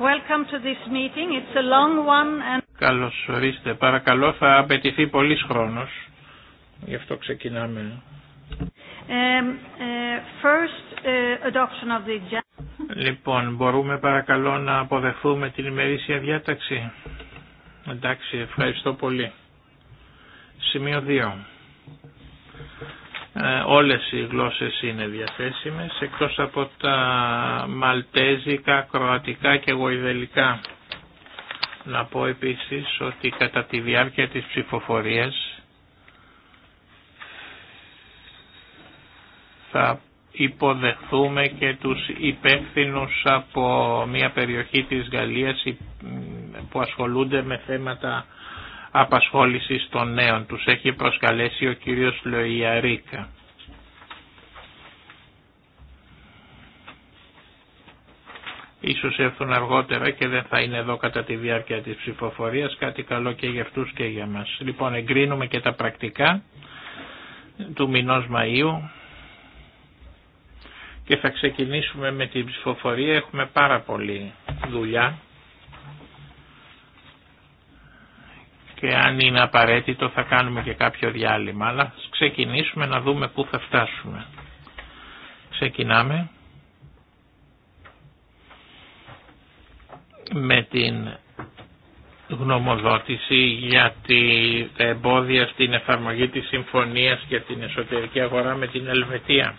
Welcome Καλώς ορίστε. Παρακαλώ θα απαιτηθεί πολύς χρόνος. Γι' αυτό ξεκινάμε. Um, uh, uh, λοιπόν, μπορούμε παρακαλώ να αποδεχθούμε την ημερήσια διάταξη. Εντάξει, ευχαριστώ πολύ. Σημείο 2. Ε, όλες οι γλώσσες είναι διαθέσιμες εκτός από τα μαλτέζικα, κροατικά και γοηδελικά. Να πω επίσης ότι κατά τη διάρκεια της ψηφοφορίας θα υποδεχθούμε και τους υπεύθυνους από μια περιοχή της Γαλλίας που ασχολούνται με θέματα απασχόλησης των νέων. Τους έχει προσκαλέσει ο κύριος Λοϊαρίκα. Ίσως έρθουν αργότερα και δεν θα είναι εδώ κατά τη διάρκεια της ψηφοφορίας. Κάτι καλό και για αυτούς και για μας. Λοιπόν, εγκρίνουμε και τα πρακτικά του μηνός Μαΐου και θα ξεκινήσουμε με την ψηφοφορία. Έχουμε πάρα πολλή δουλειά. και αν είναι απαραίτητο θα κάνουμε και κάποιο διάλειμμα, αλλά ξεκινήσουμε να δούμε πού θα φτάσουμε. Ξεκινάμε με την γνωμοδότηση για τη εμπόδια στην εφαρμογή της συμφωνίας για την εσωτερική αγορά με την Ελβετία.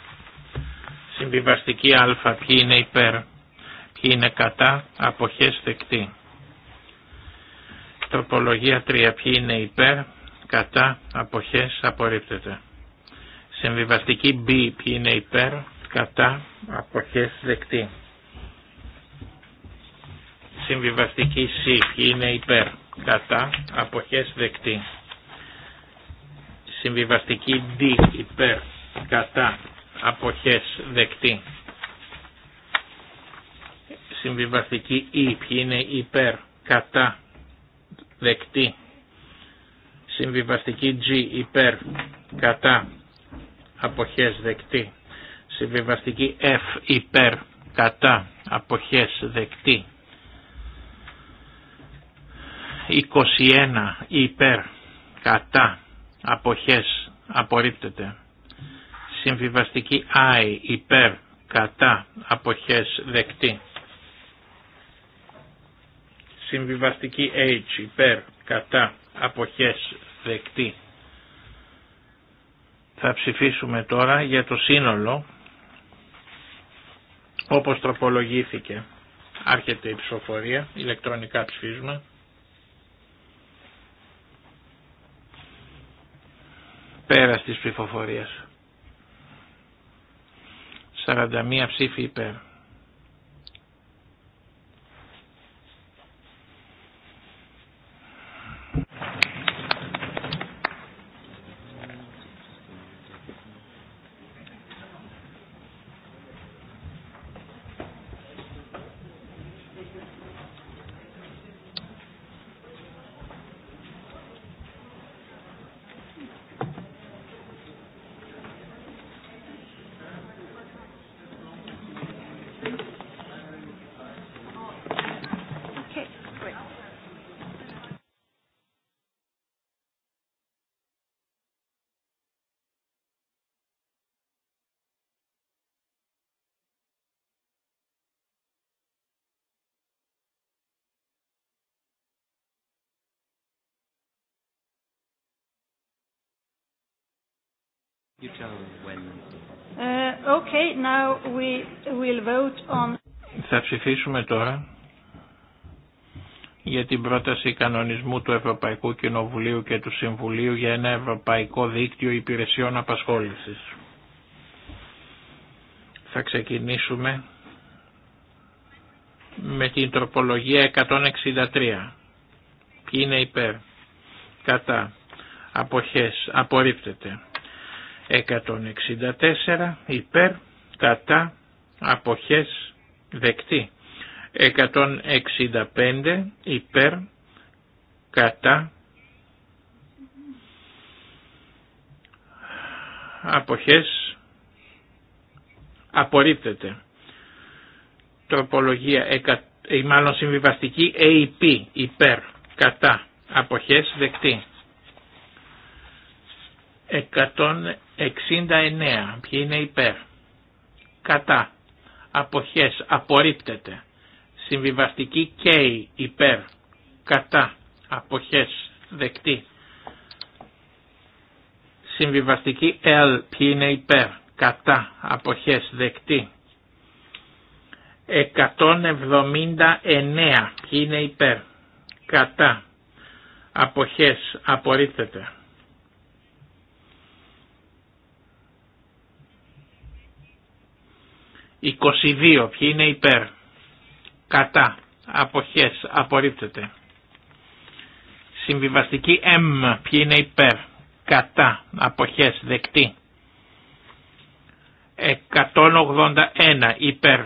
Συμβιβαστική α, ποιοι είναι υπέρ, ποιοι είναι κατά, αποχές δεκτή. Τροπολογία 3. Ποιοι είναι υπέρ, κατά, αποχές, απορρίπτεται. Συμβιβαστική B. Ποιοι είναι υπέρ, κατά, αποχές, δεκτή. Συμβιβαστική C. Ποιοι είναι υπέρ, κατά, αποχές, δεκτή. Συμβιβαστική D. Υπέρ, κατά, αποχές, δεκτή. Συμβιβαστική E. Ποιοι είναι υπέρ, κατά, δεκτή. Συμβιβαστική G υπέρ κατά αποχές δεκτή. Συμβιβαστική F υπέρ κατά αποχές δεκτή. 21 υπέρ κατά αποχές απορρίπτεται. Συμβιβαστική I υπέρ κατά αποχές δεκτή. Συμβιβαστική H υπέρ κατά αποχές δεκτή. Θα ψηφίσουμε τώρα για το σύνολο όπως τροπολογήθηκε. Άρχεται η ψηφοφορία, ηλεκτρονικά ψηφίζουμε. Πέρα της ψηφοφορίας. 41 ψήφοι υπέρ. Okay, Θα ψηφίσουμε τώρα για την πρόταση κανονισμού του Ευρωπαϊκού Κοινοβουλίου και του Συμβουλίου για ένα Ευρωπαϊκό Δίκτυο Υπηρεσιών Απασχόλησης. Θα ξεκινήσουμε με την τροπολογία 163. Ποιοι είναι υπέρ, κατά, αποχές, απορρίπτεται. 164 υπέρ κατά αποχές δεκτή. 165 υπέρ κατά αποχές απορρίπτεται. Τροπολογία, ή μάλλον συμβιβαστική AP υπέρ κατά αποχές δεκτή. 69. Ποιοι είναι υπέρ. Κατά. Αποχές. Απορρίπτεται. Συμβιβαστική K. Υπέρ. Κατά. Αποχές. Δεκτή. Συμβιβαστική L. Ποιοι είναι υπέρ. Κατά. Αποχές. Δεκτή. 179. Ποιοι είναι υπέρ. Κατά. Αποχές. Απορρίπτεται. 22. Ποιοι είναι υπέρ. Κατά. Αποχές. Απορρίπτεται. Συμβιβαστική M. Ποιοι είναι υπέρ. Κατά. Αποχές. Δεκτή. 181. Υπέρ.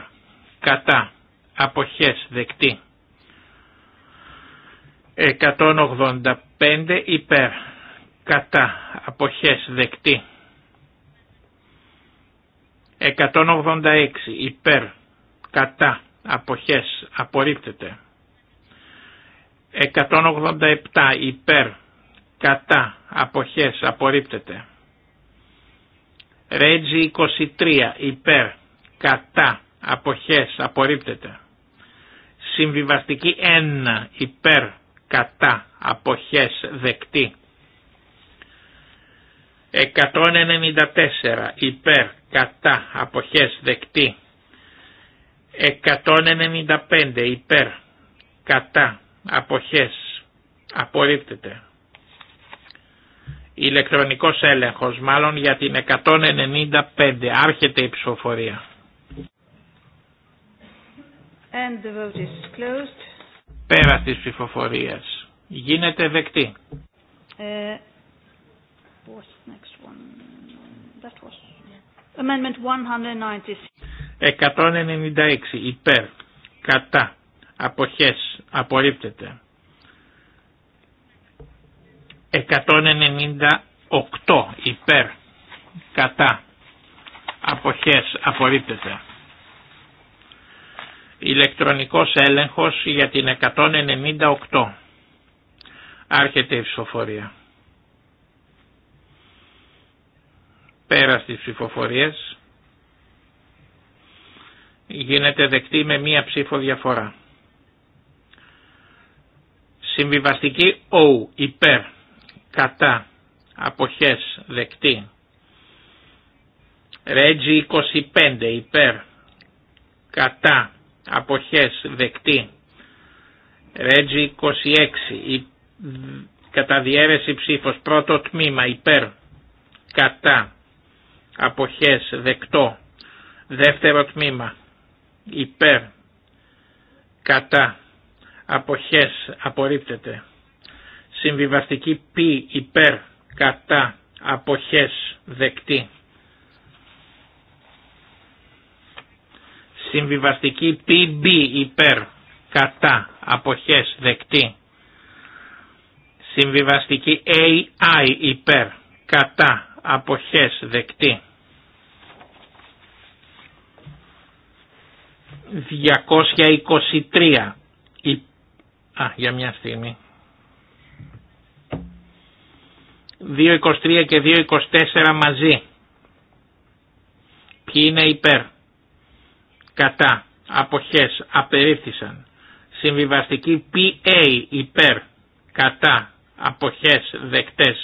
Κατά. Αποχές. Δεκτή. 185 υπέρ κατά αποχές δεκτή 186 υπέρ κατά αποχές απορρίπτεται. 187 υπέρ κατά αποχές απορρίπτεται. Ρέτζι 23 υπέρ κατά αποχές απορρίπτεται. Συμβιβαστική 1 υπέρ κατά αποχές δεκτή. 194 υπέρ κατά αποχές δεκτή 195 υπέρ κατά αποχές απορρίπτεται ηλεκτρονικός έλεγχος μάλλον για την 195 άρχεται η ψηφοφορία πέρα της ψηφοφορίας γίνεται δεκτή ε, Next one. That was amendment 196. 196 υπέρ, κατά, αποχές, απορρίπτεται. 198 υπέρ, κατά, αποχές, απορρίπτεται. Ηλεκτρονικός έλεγχος για την 198. Άρχεται η ψηφοφορία. Πέρα της ψηφοφορίας γίνεται δεκτή με μία ψήφο διαφορά. Συμβιβαστική O υπέρ κατά αποχές δεκτή. Ρέτζι 25 υπέρ κατά αποχές δεκτή. Ρέτζι 26 κατά διέρεση ψήφος πρώτο τμήμα υπέρ κατά αποχές δεκτό δεύτερο τμήμα υπέρ κατά αποχές απορρίπτεται συμβιβαστική πι υπέρ κατά αποχές δεκτή συμβιβαστική PB υπέρ κατά αποχές δεκτή συμβιβαστική AI υπέρ κατά αποχές δεκτή 223. ή Α, για μια στιγμή. 223 και 224 μαζί. Ποιοι είναι υπέρ. Κατά. Αποχές. Απερίφθησαν. Συμβιβαστική PA υπέρ. Κατά. Αποχές. Δεκτές.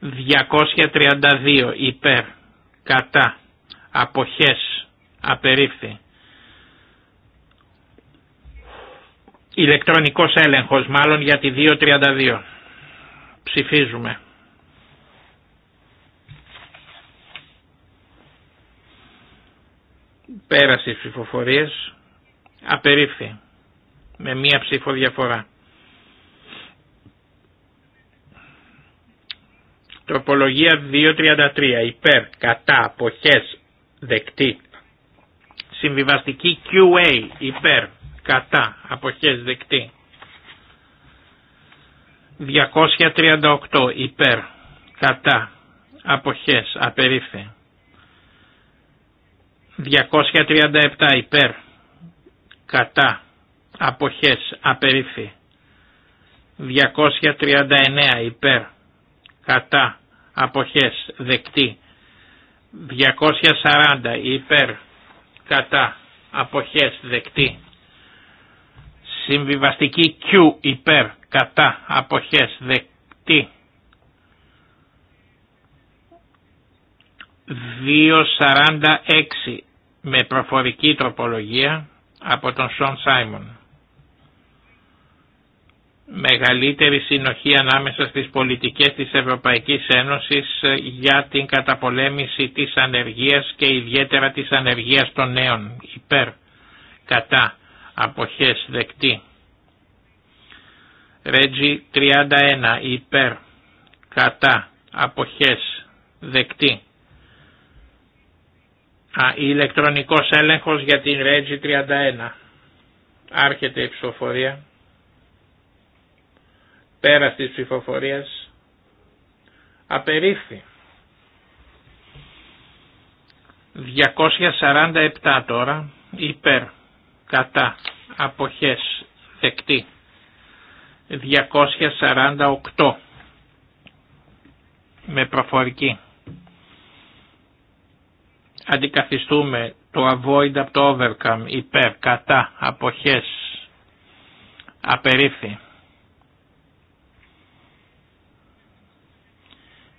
232 υπέρ. Κατά αποχές απερίφθη. Ηλεκτρονικός έλεγχος μάλλον για τη 232. Ψηφίζουμε. Πέρασε οι ψηφοφορίες. Απερίφθη. Με μία ψήφο διαφορά. Τροπολογία 233. Υπέρ, κατά, αποχές, δεκτή. Συμβιβαστική QA υπέρ κατά αποχές δεκτή. 238 υπέρ κατά αποχές απερίφθη. 237 υπέρ κατά αποχές απερίφθη. 239 υπέρ κατά αποχές δεκτή. 240 υπέρ κατά αποχές δεκτή. Συμβιβαστική Q υπέρ κατά αποχές δεκτή. 2.46 με προφορική τροπολογία από τον Σον Σάιμον μεγαλύτερη συνοχή ανάμεσα στις πολιτικές της Ευρωπαϊκής Ένωσης ε, για την καταπολέμηση της ανεργίας και ιδιαίτερα της ανεργίας των νέων υπέρ, κατά, αποχές δεκτή. Ρέτζι 31 υπέρ, κατά, αποχές δεκτή. Α, ηλεκτρονικός έλεγχος για την Ρέτζι 31. Άρχεται η ψηφοφορία. Πέρα της ψηφοφορίας απερίφθη. 247 τώρα υπέρ κατά αποχές δεκτή. 248 με προφορική. Αντικαθιστούμε το avoid από το overcome υπέρ κατά αποχές απερίφθη.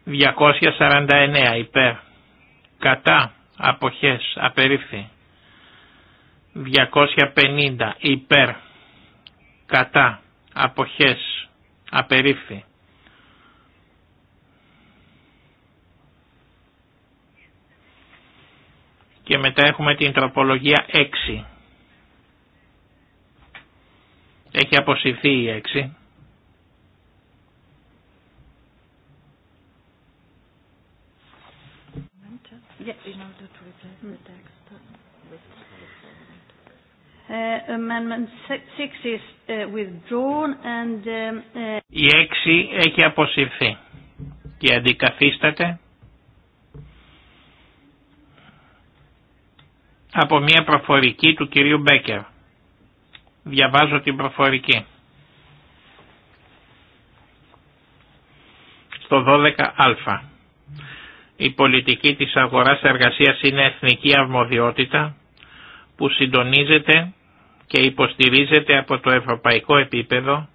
249 υπέρ. Κατά. Αποχές. Απερίφθη. 250 υπέρ. Κατά. Αποχές. Απερίφθη. Και μετά έχουμε την τροπολογία 6. Έχει αποσυρθεί η 6. Η 6 έχει αποσυρθεί και αντικαθίσταται από μια προφορική του κυρίου Μπέκερ. Διαβάζω την προφορική. Στο 12α. Η πολιτική της αγοράς εργασίας είναι εθνική αρμοδιότητα που συντονίζεται και υποστηρίζεται από το ευρωπαϊκό επίπεδο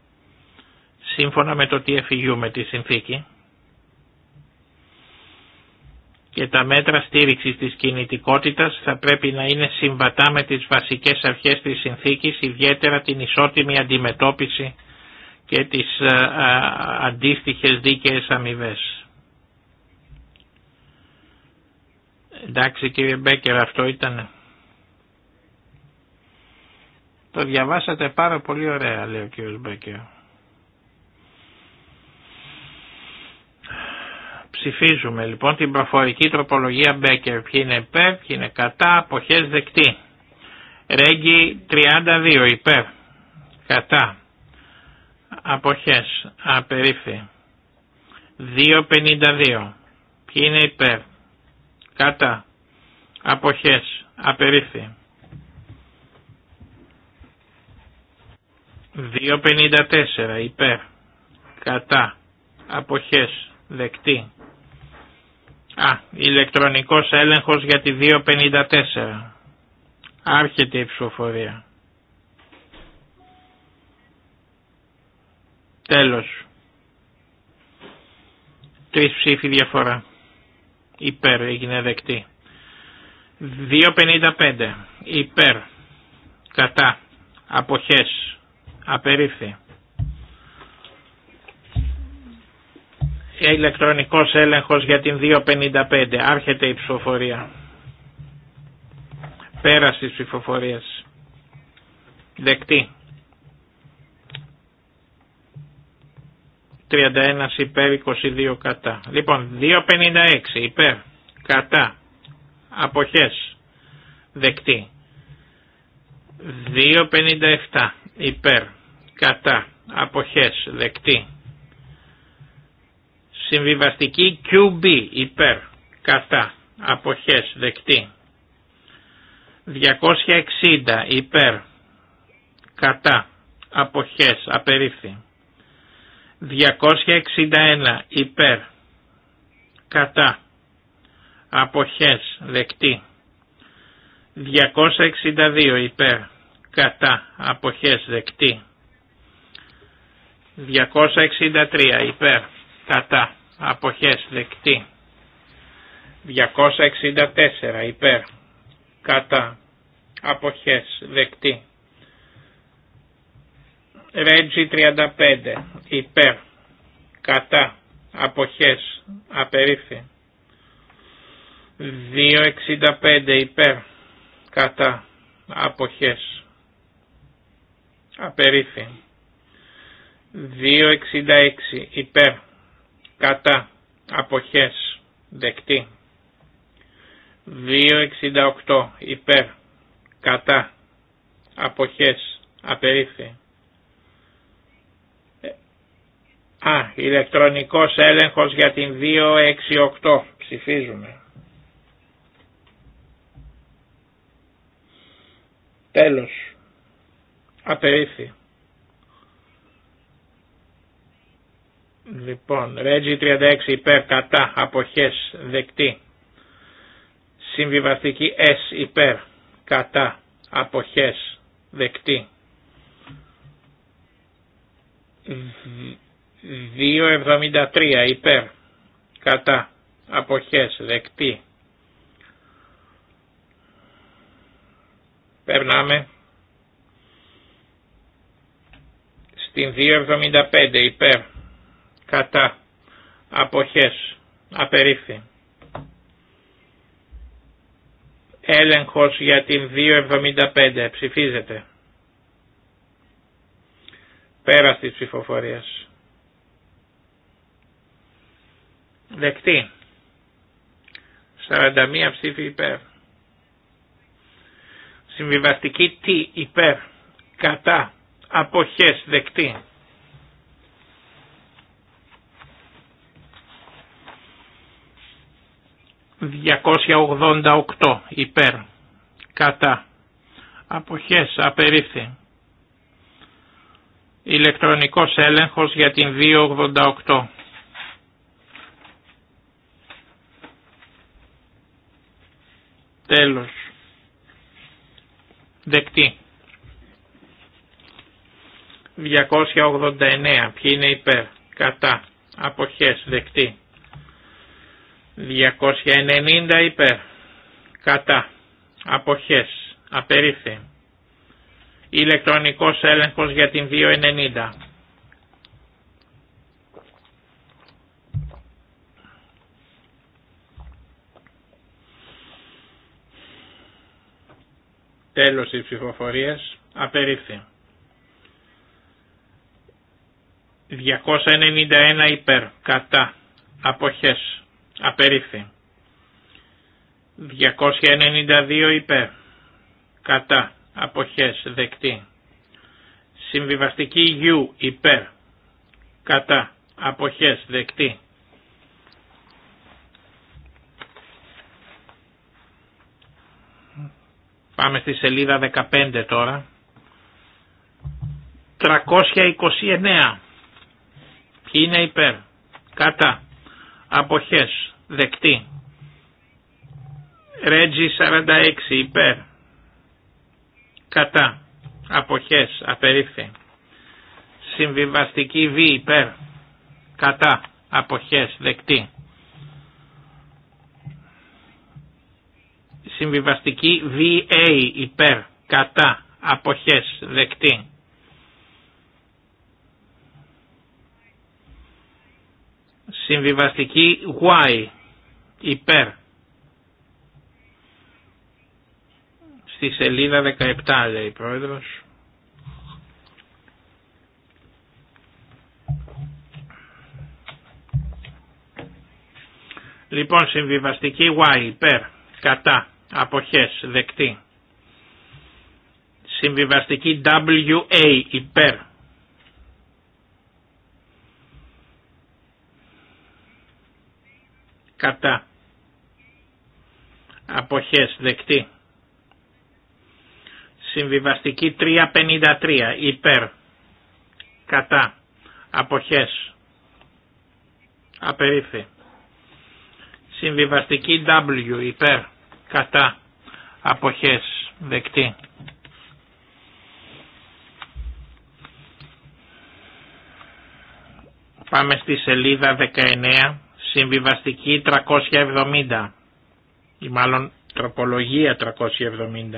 σύμφωνα με το τι με τη συνθήκη και τα μέτρα στήριξης της κινητικότητας θα πρέπει να είναι συμβατά με τις βασικές αρχές της συνθήκης, ιδιαίτερα την ισότιμη αντιμετώπιση και τις ε, ε, αντίστοιχες δίκαιες αμοιβέ. Εντάξει κύριε Μπέκερ αυτό ήταν. Το διαβάσατε πάρα πολύ ωραία λέει ο κύριος Μπέκερ. Ψηφίζουμε λοιπόν την προφορική τροπολογία Μπέκερ. Ποιοι είναι υπέρ, ποιοι είναι κατά, αποχές δεκτή. Ρέγγι 32 υπέρ, κατά, αποχές, απερίφθη. 2.52. Ποιοι είναι υπέρ, Κατά. Αποχές. Απερίφθη. 2.54 υπέρ. Κατά. Αποχές. Δεκτή. Α, ηλεκτρονικός έλεγχος για τη 2.54. Άρχεται η ψηφοφορία. Τέλος. Τρεις ψήφοι διαφορά. Υπέρ έγινε δεκτή. 2.55 υπέρ κατά αποχές απερίφθη. Ηλεκτρονικός έλεγχος για την 2.55. Άρχεται η ψηφοφορία. Πέραση ψηφοφορίας. Δεκτή. 31 υπέρ 22 κατά. Λοιπόν, 2.56 υπέρ κατά. Αποχές. Δεκτή. 2.57 υπέρ κατά. Αποχές. Δεκτή. Συμβιβαστική QB υπέρ κατά. Αποχές. Δεκτή. 260 υπέρ κατά. Αποχές. Απερίφθη. 261 υπέρ κατά αποχές δεκτή 262 υπέρ κατά αποχές δεκτή 263 υπέρ κατά αποχές δεκτή 264 υπέρ κατά αποχές δεκτή Ρέτζι 35 υπέρ κατά αποχές απερίφθη 265 υπέρ κατά αποχές απερίφθη 266 υπέρ κατά αποχές δεκτή 268 υπέρ κατά αποχές απερίφθη Α, ηλεκτρονικός έλεγχος για την 268. Ψηφίζουμε. Τέλος. Απερίφθη. Λοιπόν, Ρέτζι 36 υπέρ κατά αποχές δεκτή. Συμβιβαστική S υπέρ κατά αποχές δεκτή. 2.73 υπέρ κατά αποχές δεκτή. Περνάμε στην 2.75 υπέρ κατά αποχές απερίφθη. Έλεγχος για την 2.75 ψηφίζεται. Πέρα της ψηφοφορίας. Δεκτή. 41 ψήφοι υπέρ. Συμβιβαστική τι υπέρ. Κατά. Αποχές δεκτή. 288 υπέρ. Κατά. Αποχές απερίφθη. Ηλεκτρονικός έλεγχος για την 288. Τέλος. Δεκτή. 289. Ποιοι είναι υπέρ. Κατά. Αποχές. Δεκτή. 290 υπέρ. Κατά. Αποχές. Απερίφθη. Ηλεκτρονικός έλεγχος για την 290. Τέλος της ψηφοφορίας. Απερίφθη. 291 υπέρ. Κατά. Αποχές. Απερίφθη. 292 υπέρ. Κατά. Αποχές. Δεκτή. Συμβιβαστική U υπέρ. Κατά. Αποχές. Δεκτή. Πάμε στη σελίδα 15 τώρα. 329. Ποιοι είναι υπέρ. Κατά. Αποχές. Δεκτή. Ρέτζι 46 υπέρ. Κατά. Αποχές. Απερίφθη. Συμβιβαστική Β υπέρ. Κατά. Αποχές. Δεκτή. Συμβιβαστική VA υπέρ, κατά, αποχές, δεκτή. Συμβιβαστική Y υπέρ. Στη σελίδα 17 λέει η πρόεδρος. Λοιπόν, συμβιβαστική Y υπέρ, κατά, αποχές δεκτή. Συμβιβαστική WA υπέρ. Κατά. Αποχές δεκτή. Συμβιβαστική 353 υπέρ. Κατά. Αποχές. Απερίφη. Συμβιβαστική W υπέρ κατά αποχές δεκτή. Πάμε στη σελίδα 19, συμβιβαστική 370 ή μάλλον τροπολογία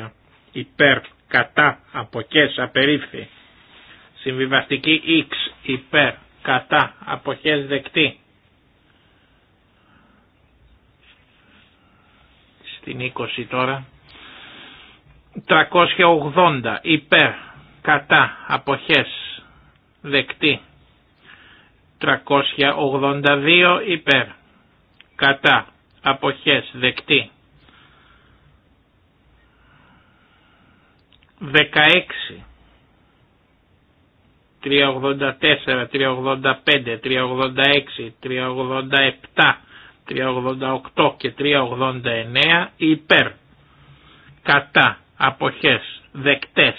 370 υπέρ κατά αποχές απερίφθη. Συμβιβαστική X υπέρ κατά αποχές δεκτή. την 20 τώρα. 380 υπέρ κατά αποχές δεκτή. 382 υπέρ κατά αποχές δεκτή. 16 384, 385, 386, 387 388 και 389 υπέρ, κατά, αποχές, δεκτές.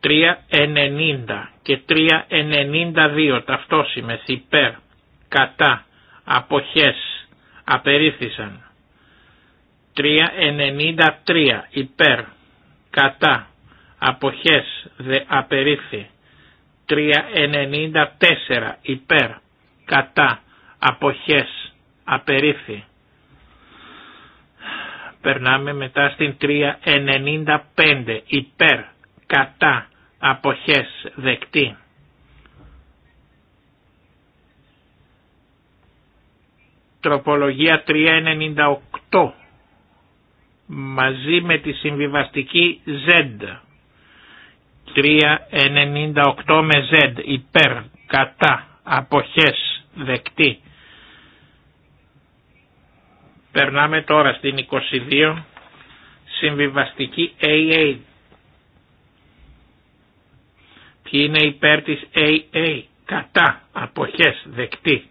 390 και 392 ταυτόσημες υπέρ, κατά, αποχές, απερίθησαν. 393 υπέρ, κατά, αποχές, απερίθη. 394 υπέρ κατά αποχές απερίφθη. Περνάμε μετά στην 395 υπέρ κατά αποχές δεκτή. Τροπολογία 398 μαζί με τη συμβιβαστική Z 398 με Z υπέρ κατά αποχές δεκτή. Περνάμε τώρα στην 22 συμβιβαστική AA. Ποιοι είναι υπέρ της AA κατά αποχές δεκτή.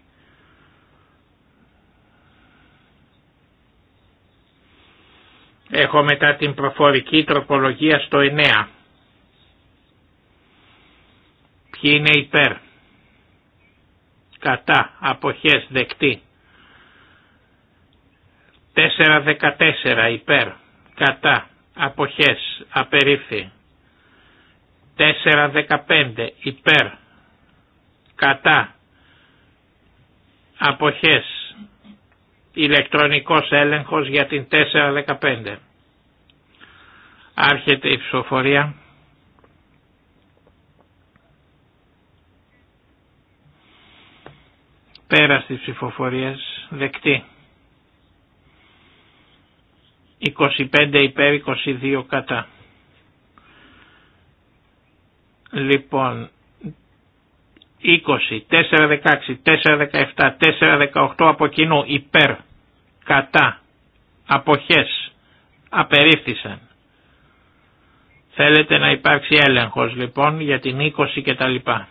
Έχω μετά την προφορική τροπολογία στο 9. Ποιοι είναι υπέρ. Κατά. Αποχές δεκτή. 4-14 υπέρ. Κατά. Αποχές. Απερίφθη. 4-15 υπέρ. Κατά. Αποχές. Ηλεκτρονικός έλεγχος για την 4-15. Άρχεται η ψηφοφορία. Πέρα στις ψηφοφορίες δεκτή. 25 υπέρ 22 κατά. Λοιπόν, 20, 17, 4, 18 από κοινού υπέρ, κατά, αποχές, απερίφθησαν. Θέλετε να υπάρξει έλεγχος λοιπόν για την 20 και τα λοιπά.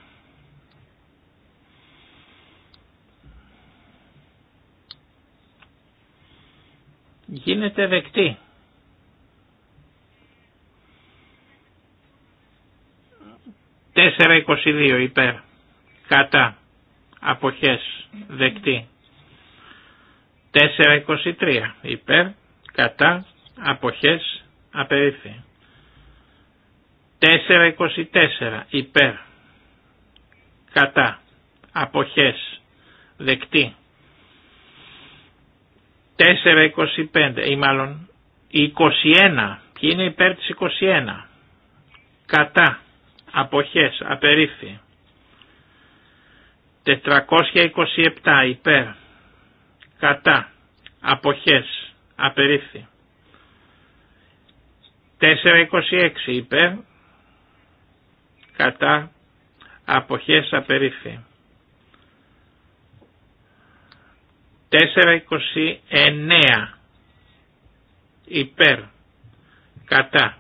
γίνεται δεκτή. Τέσσερα υπέρ, κατά, αποχές, δεκτή. Τέσσερα εικοσιτρία υπέρ, κατά, αποχές, απερίφη. 424 εικοσιτέσσερα υπέρ, κατά, αποχές, δεκτή. 4.25 ή μάλλον 21. Ποιοι είναι υπέρ της 21. Κατά. Αποχές. Απερίφθη. 427 υπέρ. Κατά. Αποχές. Απερίφθη. 426 υπέρ. Κατά. Αποχές. Απερίφθη. 429 υπέρ κατά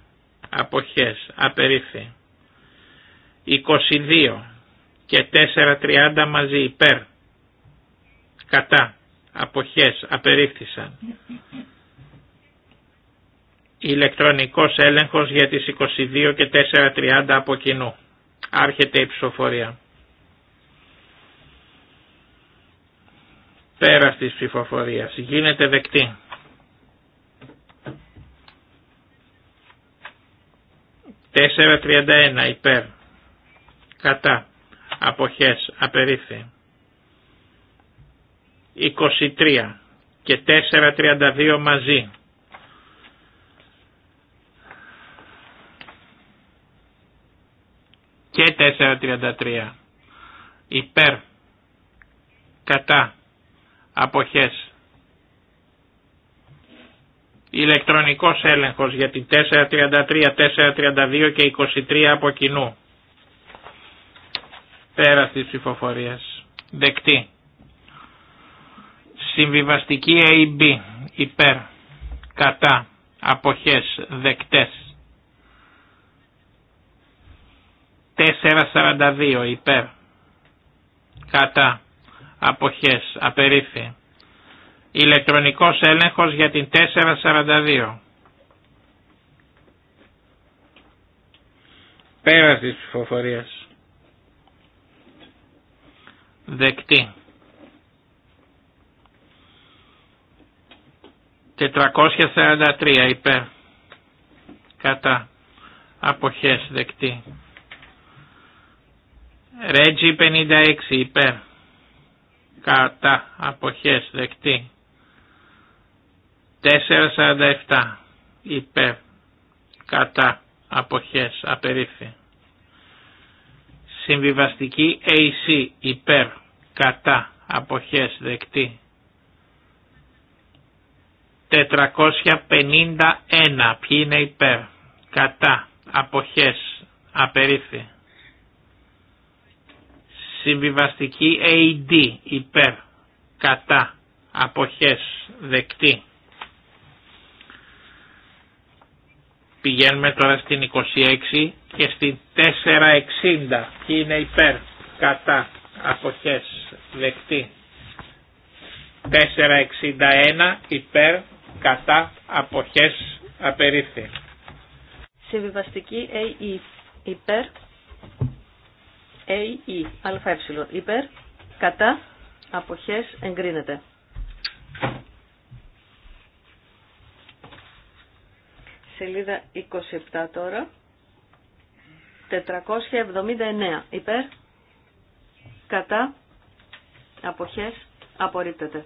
αποχές απερίφθη 22 και 430 μαζί υπέρ κατά αποχές απερίφθησαν ηλεκτρονικός έλεγχος για τις 22 και 430 από κοινού άρχεται η ψηφοφορία Πέρα της ψηφοφορίας. Γίνεται δεκτή. Τέσσερα 4-31 υπέρ. Κατά. Αποχές. Απερίφθη. 23 και 4.32 μαζί. Και 4.33 υπέρ κατά Αποχές. Ηλεκτρονικός έλεγχος για την 433, 432 και 23 από κοινού. Πέρα της ψηφοφορίας. Δεκτή. Συμβιβαστική AB. Υπέρ. Κατά. Αποχές. Δεκτές. 442 υπέρ. Κατά αποχές, Απερίφη. Ηλεκτρονικός έλεγχος για την 442. Πέρας της ψηφοφορίας. Δεκτή. 443 υπέρ. Κατά. Αποχές δεκτή. Ρέτζι 56 υπέρ κατά αποχές δεκτή 447 υπέρ κατά αποχές απερίφη συμβιβαστική AC υπέρ κατά αποχές δεκτή 451 ποιοι είναι υπέρ κατά αποχές απερίφη Συμβιβαστική AD υπέρ κατά αποχές δεκτή. Πηγαίνουμε τώρα στην 26 και στην 460 και είναι υπέρ κατά αποχές δεκτή. 461 υπέρ κατά αποχές απερίφθη. Συμβιβαστική AE υπέρ ΑΕ, ε, υπέρ, κατά, αποχές, εγκρίνεται. Σελίδα 27 τώρα. 479, υπέρ, κατά, αποχές, απορρίπτεται.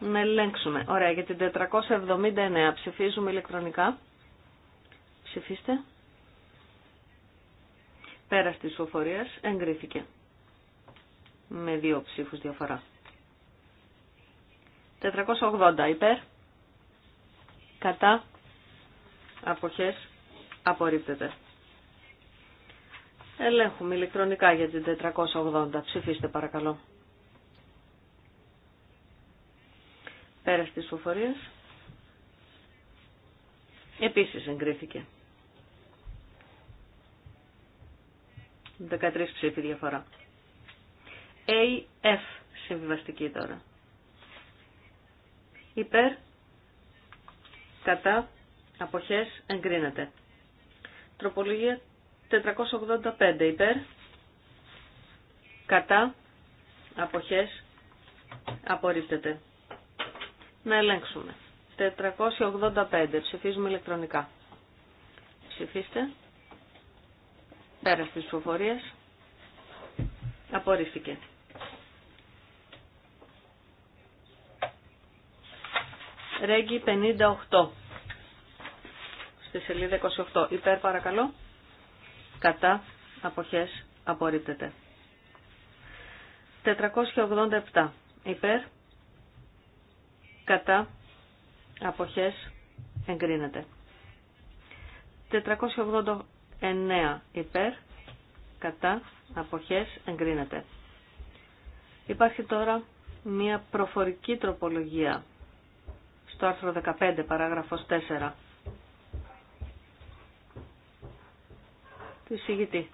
Να ελέγξουμε. Ωραία, για την 479 ψηφίζουμε ηλεκτρονικά. Ψηφίστε. Πέρας της οφορία εγκρίθηκε. Με δύο ψήφους διαφορά. 480 υπέρ. Κατά. Αποχές. Απορρίπτεται. Ελέγχουμε ηλεκτρονικά για την 480. Ψηφίστε παρακαλώ. Πέρας της ψηφοφορίας. Επίσης εγκρίθηκε. 13 ψήφοι διαφορά. AF συμβιβαστική τώρα. Υπέρ, κατά, αποχές, εγκρίνεται. Τροπολογία 485 υπέρ, κατά, αποχές, απορρίπτεται. Να ελέγξουμε. 485 ψηφίζουμε ηλεκτρονικά. Ψηφίστε. Πέρα τη ψηφοφορίες. Απορρίφθηκε. Ρέγγι 58. Στη σελίδα 28. Υπέρ παρακαλώ. Κατά. Αποχές. Απορρίπτεται. 487. Υπέρ. Κατά. Αποχές. Εγκρίνεται. 9 υπέρ, κατά, αποχές, εγκρίνεται. Υπάρχει τώρα μία προφορική τροπολογία στο άρθρο 15 παράγραφος 4 του εισηγητή.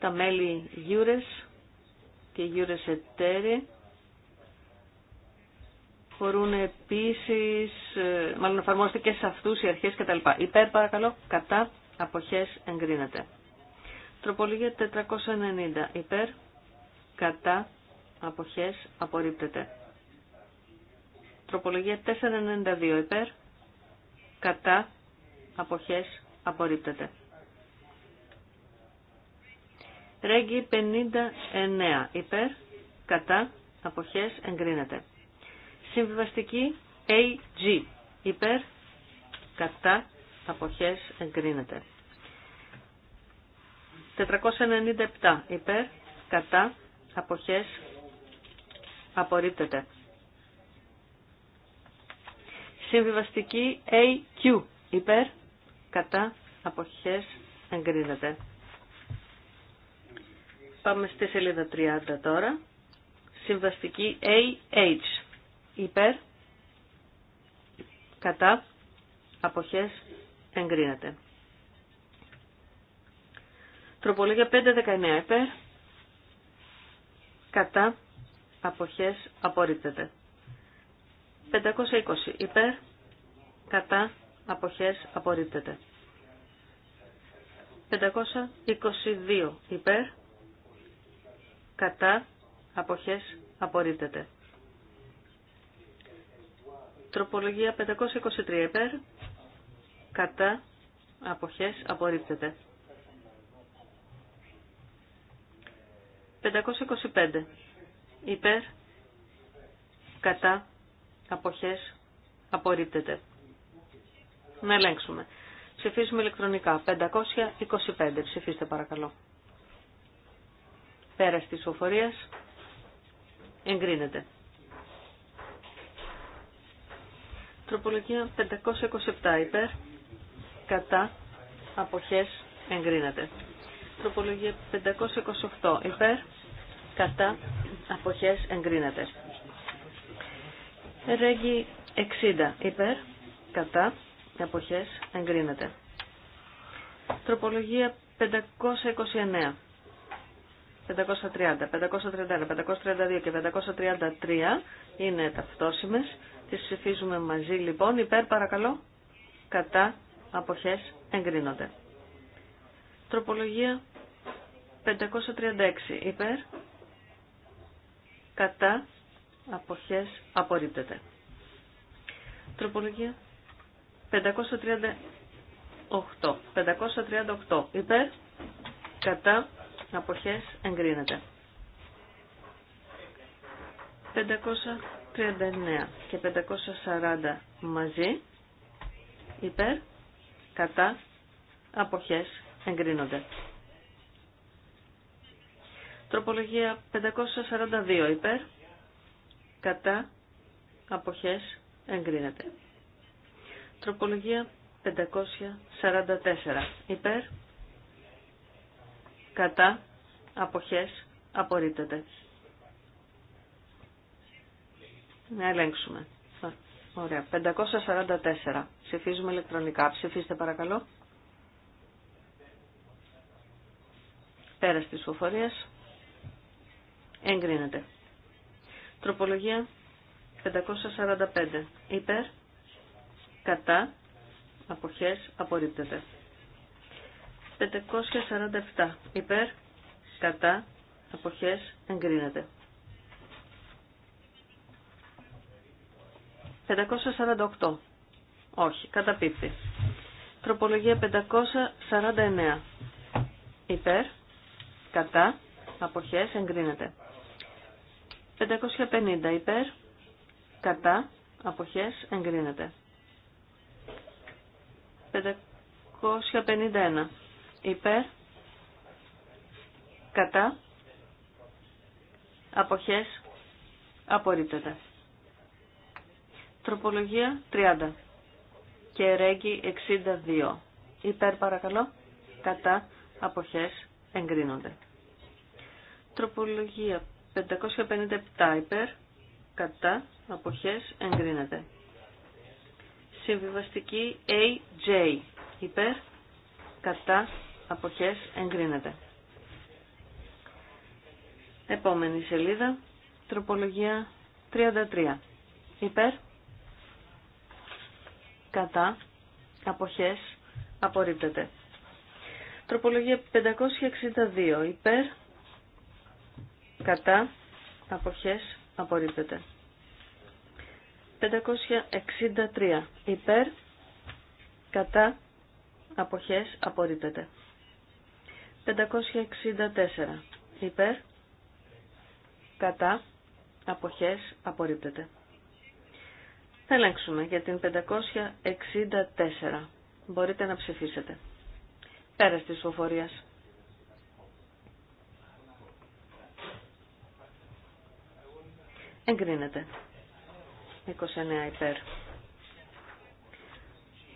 Τα μέλη γιούρες και γιούρες εταίροι Μπορούν επίση, ε, μάλλον εφαρμόζεται και σε αυτού, οι αρχέ κτλ. Υπέρ παρακαλώ, κατά, απόχέ, εγκρίνεται. Τροπολογία 490. Υπέρ, κατά, αποχέ, απορρίπτεται. Τροπολογία 492. Υπέρ, κατά, αποχέ, απορρίπτεται. Ρέγγι 59. Υπέρ, κατά, αποχές εγκρίνεται. Συμβιβαστική AG. Υπέρ, κατά, αποχές, εγκρίνεται. 497. Υπέρ, κατά, αποχές, απορρίπτεται. Συμβιβαστική AQ. Υπέρ, κατά, αποχές, εγκρίνεται. Πάμε στη σελίδα 30 τώρα. Συμβαστική AH υπέρ, κατά, αποχές, εγκρίνεται. Τροπολογία 5.19 υπέρ, κατά, αποχές, απορρίπτεται. 520 υπέρ, κατά, αποχές, απορρίπτεται. 522 υπέρ, κατά, αποχές, απορρίπτεται. Τροπολογία 523 υπέρ. Κατά. Αποχές. Απορρίπτεται. 525 υπέρ. Κατά. Αποχές. Απορρίπτεται. Να ελέγξουμε. Ψηφίζουμε ηλεκτρονικά. 525. Ψηφίστε παρακαλώ. Πέρα της οφορίας εγκρίνεται. Τροπολογία 527 υπέρ, κατά, αποχές, εγκρίνεται. Τροπολογία 528 υπέρ, κατά, αποχές, εγκρίνεται. Ρέγγι 60 υπέρ, κατά, αποχές, εγκρίνεται. Τροπολογία 529. 530, 531, 532 και 533 είναι ταυτόσιμες Τις ψηφίζουμε μαζί λοιπόν. Υπέρ παρακαλώ. Κατά. Αποχές. Εγκρίνονται. Τροπολογία 536. Υπέρ. Κατά. Αποχές. Απορρίπτεται. Τροπολογία 538. 538. Υπέρ. Κατά. Αποχές. Εγκρίνεται. 500. 539 και 540 μαζί, υπέρ, κατά, αποχές, εγκρίνονται. Τροπολογία 542 υπέρ, κατά, αποχές, εγκρίνεται. Τροπολογία 544 υπέρ, κατά, αποχές, απορρίπτεται. Να ελέγξουμε. Ωραία. 544. Ψηφίζουμε ηλεκτρονικά. Ψηφίστε παρακαλώ. Πέρα στις φοφορία. Εγκρίνεται. Τροπολογία 545. Υπέρ. Κατά. Αποχές. Απορρίπτεται. 547. Υπέρ. Κατά. Αποχές. Εγκρίνεται. 548. Όχι, καταπίπτει. Τροπολογία 549. Υπέρ, κατά, αποχές, εγκρίνεται. 550 υπέρ, κατά, αποχές, εγκρίνεται. 551 υπέρ, κατά, αποχές, απορρίπτεται. Τροπολογία 30 και ρέγγι 62. Υπέρ παρακαλώ. Κατά αποχές εγκρίνονται. Τροπολογία 557 υπέρ. Κατά αποχές εγκρίνεται. Συμβιβαστική AJ υπέρ. Κατά αποχές εγκρίνεται. Επόμενη σελίδα. Τροπολογία 33. Υπέρ κατά, αποχές, απορρίπτεται. Τροπολογία 562, υπέρ, κατά, αποχές, απορρίπτεται. 563, υπέρ, κατά, αποχές, απορρίπτεται. 564, υπέρ, κατά, αποχές, απορρίπτεται. Θα ελέγξουμε για την 564. Μπορείτε να ψηφίσετε. Πέρα της οφορίας. Εγκρίνεται. 29 υπέρ.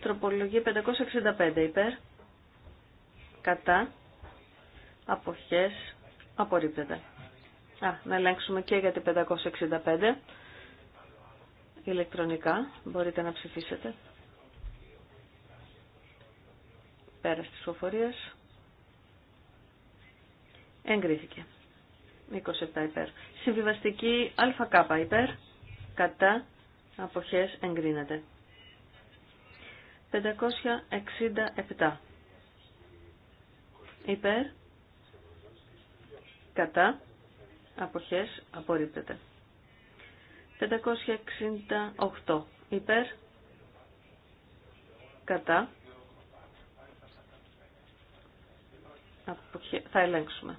Τροπολογία 565 υπέρ. Κατά. Αποχές. Απορρίπτεται. Α, να ελέγξουμε και για την 565. Ηλεκτρονικά μπορείτε να ψηφίσετε. Πέρα τη ψηφοφορίας. Εγκρίθηκε. 27 υπέρ. Συμβιβαστική ΑΚ υπέρ. Κατά. Αποχές εγκρίνεται. 567. Υπέρ. Κατά. Αποχές απορρίπτεται. 568 υπέρ, κατά, θα ελέγξουμε.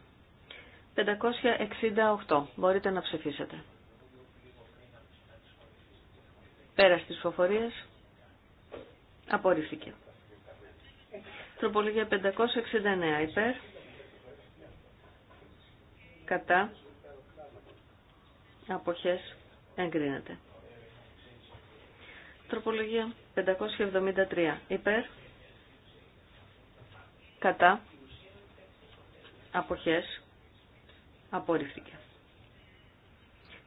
568. Μπορείτε να ψηφίσετε. Πέρα στις φοφορίες, Απορρίφθηκε. Τροπολογία 569 υπέρ. Κατά. Αποχές εγκρίνεται. Τροπολογία 573. Υπέρ. Κατά. Αποχές. Απορρίφθηκε.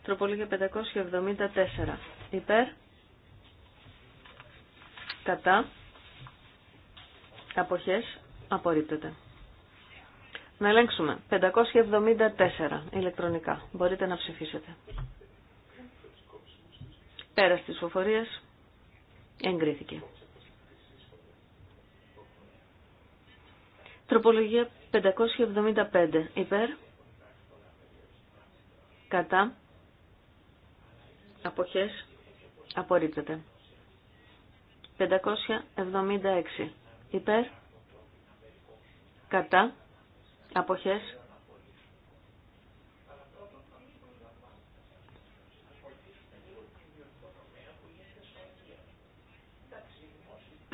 Τροπολογία 574. Υπέρ. Κατά. Αποχές. Απορρίπτεται. Να ελέγξουμε. 574 ηλεκτρονικά. Μπορείτε να ψηφίσετε. Πέρας της φοφορίας, εγκρίθηκε. Τροπολογία 575 υπέρ, κατά, αποχές, απορρίπτεται. 576 υπέρ, κατά, αποχές,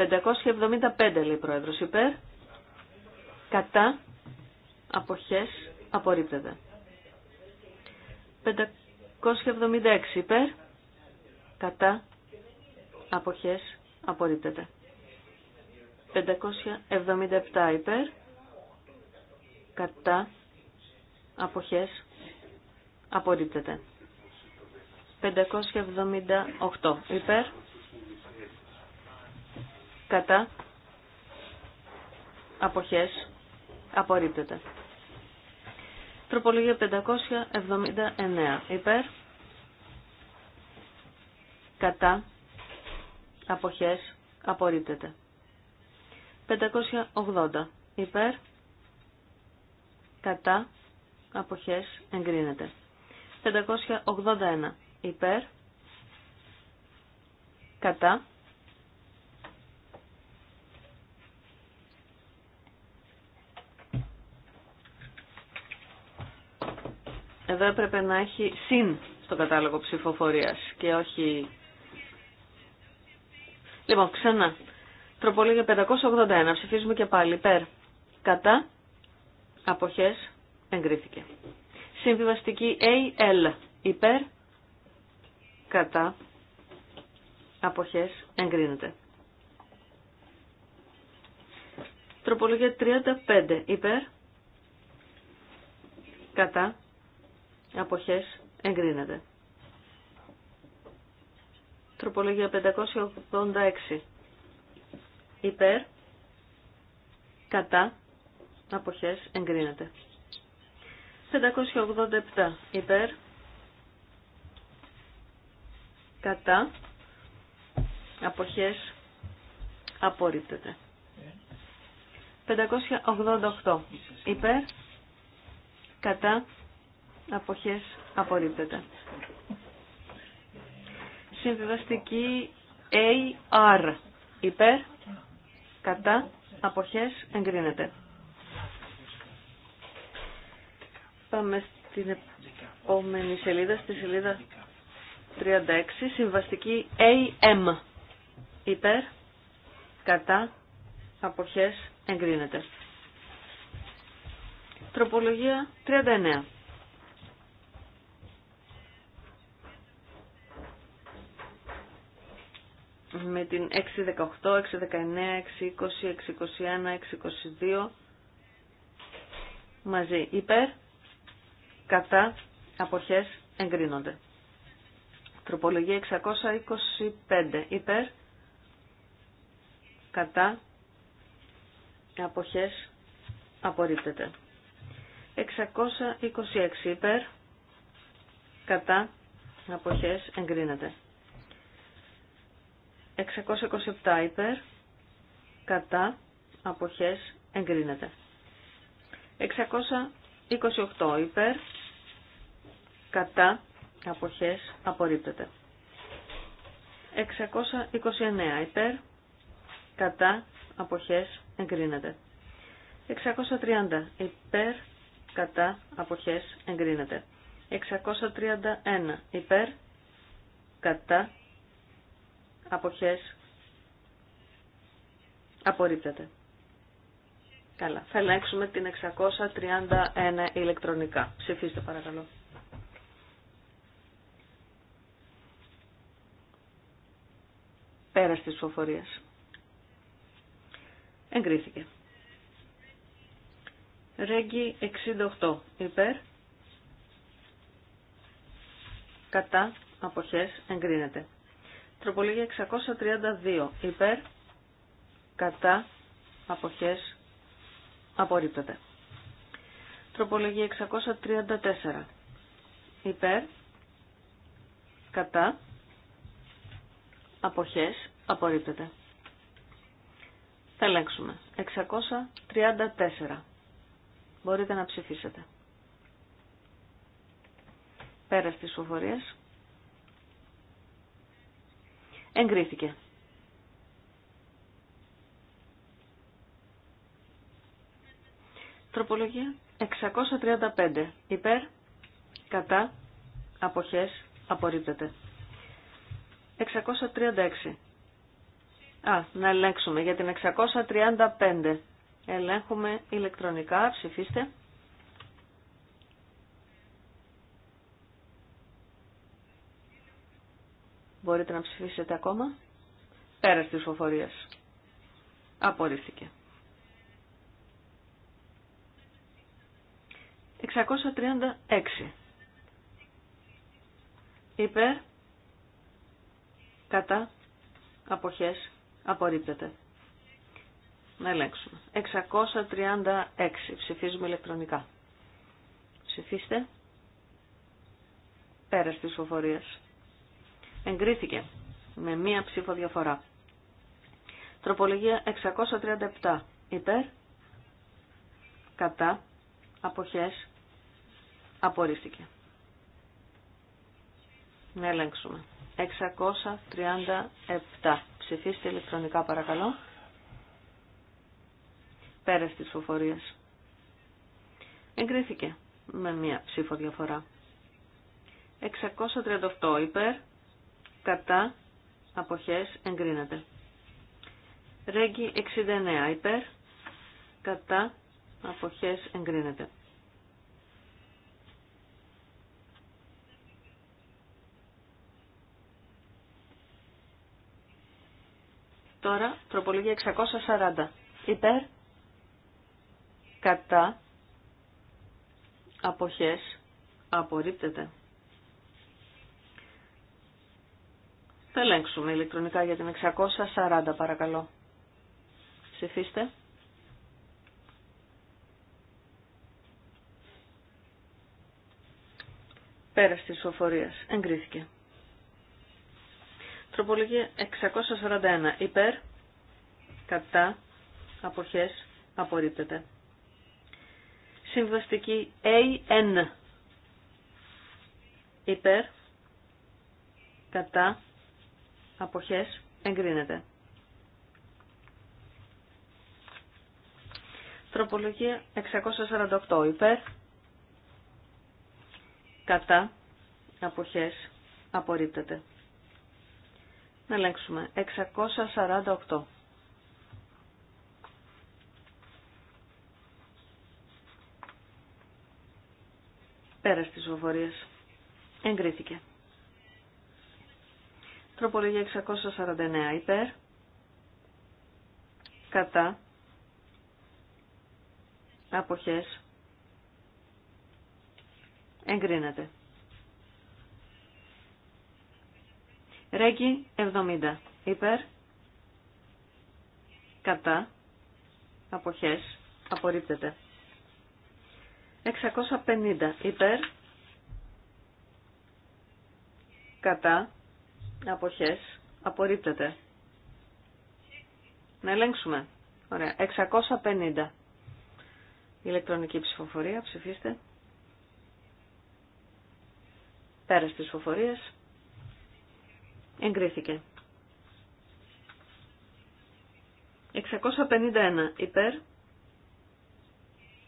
575 λέει πρόεδρος υπέρ. Κατά. Αποχές. Απορρίπτεται. 576 υπέρ. Κατά. Αποχές. Απορρίπτεται. 577 υπέρ. Κατά. Αποχές. Απορρίπτεται. 578 υπέρ κατά αποχές απορρίπτεται. Τροπολογία 579 υπέρ κατά αποχές απορρίπτεται. 580 υπέρ κατά αποχές εγκρίνεται. 581 υπέρ κατά Εδώ έπρεπε να έχει συν στο κατάλογο ψηφοφορίας και όχι... Λοιπόν, ξανά. τροπολογία 581. Ψηφίζουμε και πάλι. Περ. Κατά. Αποχές. Εγκρίθηκε. Συμβιβαστική AL. Υπέρ. Κατά. Αποχές. Εγκρίνεται. Τροπολογία 35. Υπέρ. Κατά αποχές εγκρίνεται. Τροπολογία 586. Υπέρ, κατά, αποχές εγκρίνεται. 587. Υπέρ, κατά, αποχές απορρίπτεται. 588. Υπέρ, κατά, αποχές απορρίπτεται. Συμβιβαστική AR υπέρ, κατά, αποχές εγκρίνεται. Πάμε στην επόμενη σελίδα, στη σελίδα 36, συμβαστική AM υπέρ, κατά, αποχές εγκρίνεται. Τροπολογία 39. με την 618, 619, 620, 621, 622 μαζί. Υπέρ, κατά, αποχές, εγκρίνονται. Τροπολογία 625. Υπέρ, κατά, αποχές, απορρίπτεται. 626. Υπέρ, κατά, αποχές, εγκρίνεται. 627 υπέρ, κατά, αποχές, εγκρίνεται. 628 υπέρ, κατά, αποχές, απορρίπτεται. 629 υπέρ, κατά, αποχές, εγκρίνεται. 630 υπέρ, κατά, αποχές, εγκρίνεται. 631 υπέρ, κατά, αποχές απορρίπτεται. Καλά. Θα ελέγξουμε την 631 ηλεκτρονικά. Ψηφίστε παρακαλώ. Πέρα τη Εγκρίθηκε. Ρέγγι 68 υπέρ. Κατά αποχές εγκρίνεται. Τροπολογία 632. Υπέρ, κατά, αποχές, απορρίπτεται. Τροπολογία 634. Υπέρ, κατά, αποχές, απορρίπτεται. Θα ελέγξουμε. 634. Μπορείτε να ψηφίσετε. Πέρα στις 634. Εγκρίθηκε. Τροπολογία 635. Υπέρ, κατά, αποχές, απορρίπτεται. 636. Α, να ελέγξουμε για την 635. Ελέγχουμε ηλεκτρονικά, ψηφίστε. Μπορείτε να ψηφίσετε ακόμα. πέρα της ψηφοφορίας. Απορρίφθηκε. 636. Υπέρ. Κατά. Αποχές. Απορρίπτεται. Να ελέγξουμε. 636. Ψηφίζουμε ηλεκτρονικά. Ψηφίστε. Πέρα τη ψηφοφορίας. Εγκρίθηκε με μία ψήφο διαφορά. Τροπολογία 637. Υπέρ. Κατά. Αποχές. Απορρίφθηκε. Να ελέγξουμε. 637. Ψηφίστε ηλεκτρονικά παρακαλώ. Πέρα της ψηφοφορίας. Εγκρίθηκε με μία ψήφο διαφορά. 638 υπέρ κατά, αποχές, εγκρίνεται. Ρέγγι 69 υπέρ, κατά, αποχές, εγκρίνεται. Τώρα, τροπολογία 640. Υπέρ, κατά, αποχές, απορρίπτεται. Θα ελέγξουμε ηλεκτρονικά για την 640 παρακαλώ. Ψηφίστε. Πέρα τη σοφορία. Εγκρίθηκε. Τροπολογία 641. Υπέρ. Κατά. Αποχές. Απορρίπτεται. Συμβαστική AN. Υπέρ. Κατά αποχές εγκρίνεται. Τροπολογία 648 υπέρ, κατά, αποχές, απορρίπτεται. Να ελέγξουμε. 648. Πέρας της βοβορίες. Εγκρίθηκε. Τροπολογία 649 υπέρ. Κατά. Αποχές. Εγκρίνεται. Ρέγγι 70 υπέρ. Κατά. Αποχές. Απορρίπτεται. 650 υπέρ. Κατά Αποχές. Απορρίπτεται. Να ελέγξουμε. Ωραία. 650. Ηλεκτρονική ψηφοφορία. Ψηφίστε. Πέρας τις ψηφοφορίες. Εγκρίθηκε. 651 υπέρ.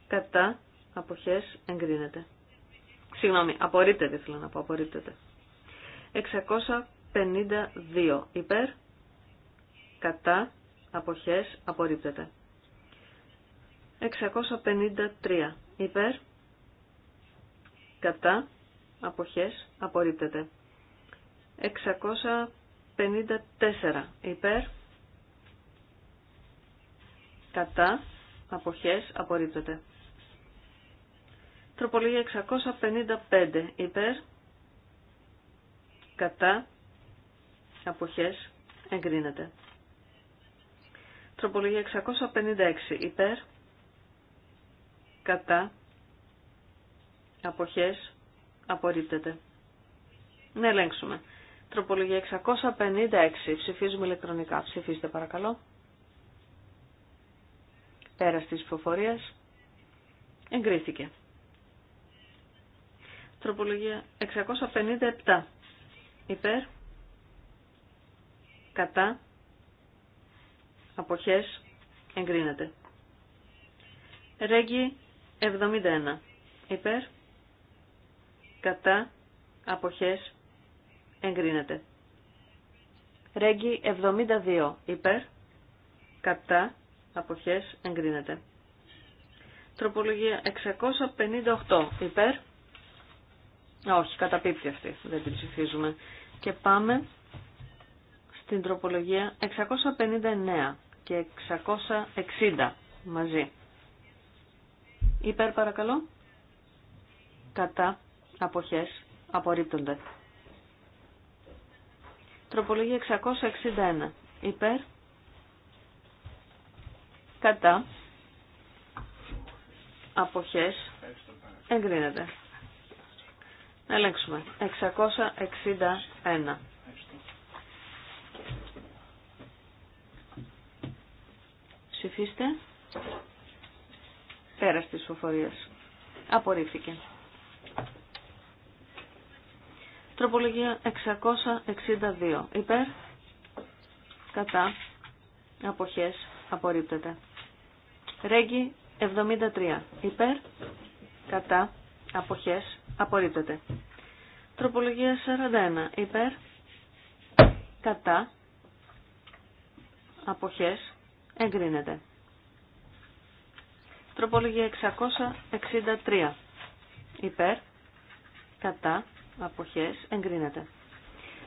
Κατά. Αποχές. Εγκρίνεται. Συγγνώμη. Απορρίπτεται θέλω να πω. Απορρίπτεται. 52 υπέρ, κατά, αποχές, απορρίπτεται. 653 υπέρ, κατά, αποχές, απορρίπτεται. 654 υπέρ, κατά, αποχές, απορρίπτεται. Τροπολογία 655 υπέρ, κατά, αποχές εγκρίνεται. Τροπολογία 656 υπέρ, κατά, αποχές απορρίπτεται. Να ελέγξουμε. Τροπολογία 656. Ψηφίζουμε ηλεκτρονικά. Ψηφίστε παρακαλώ. Πέρας της ψηφοφορίας. Εγκρίθηκε. Τροπολογία 657. Υπέρ κατά, αποχές, εγκρίνεται. Ρέγγι 71. Υπέρ, κατά, αποχές, εγκρίνεται. Ρέγγι 72. Υπέρ, κατά, αποχές, εγκρίνεται. Τροπολογία 658. Υπέρ, όχι, καταπίπτει αυτή, δεν την ψηφίζουμε. Και πάμε στην τροπολογία 659 και 660 μαζί. Υπέρ παρακαλώ. Κατά αποχές απορρίπτονται. Τροπολογία 661. Υπέρ. Κατά. Αποχές. Εγκρίνεται. Ελέγξουμε. 661. Ψηφίστε. πέρα της ψηφοφορίας. Απορρίφθηκε. Τροπολογία 662. Υπέρ. Κατά. Αποχές. Απορρίπτεται. Ρέγγι 73. Υπέρ. Κατά. Αποχές. Απορρίπτεται. Τροπολογία 41. Υπέρ. Κατά. Αποχές. Εγκρίνεται. Τροπολογία 663. Υπέρ. Κατά. Αποχές. Εγκρίνεται.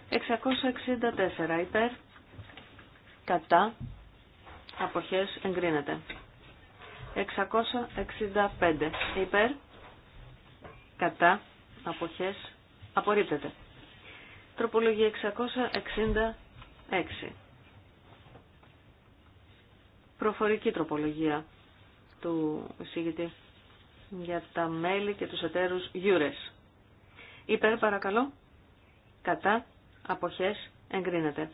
664. Υπέρ. Κατά. Αποχές. Εγκρίνεται. 665. Υπέρ. Κατά. Αποχές. Απορρίπτεται. Τροπολογία 666 προφορική τροπολογία του εισηγητή για τα μέλη και τους εταίρους γιούρες. Υπέρ παρακαλώ, κατά, αποχές, εγκρίνεται.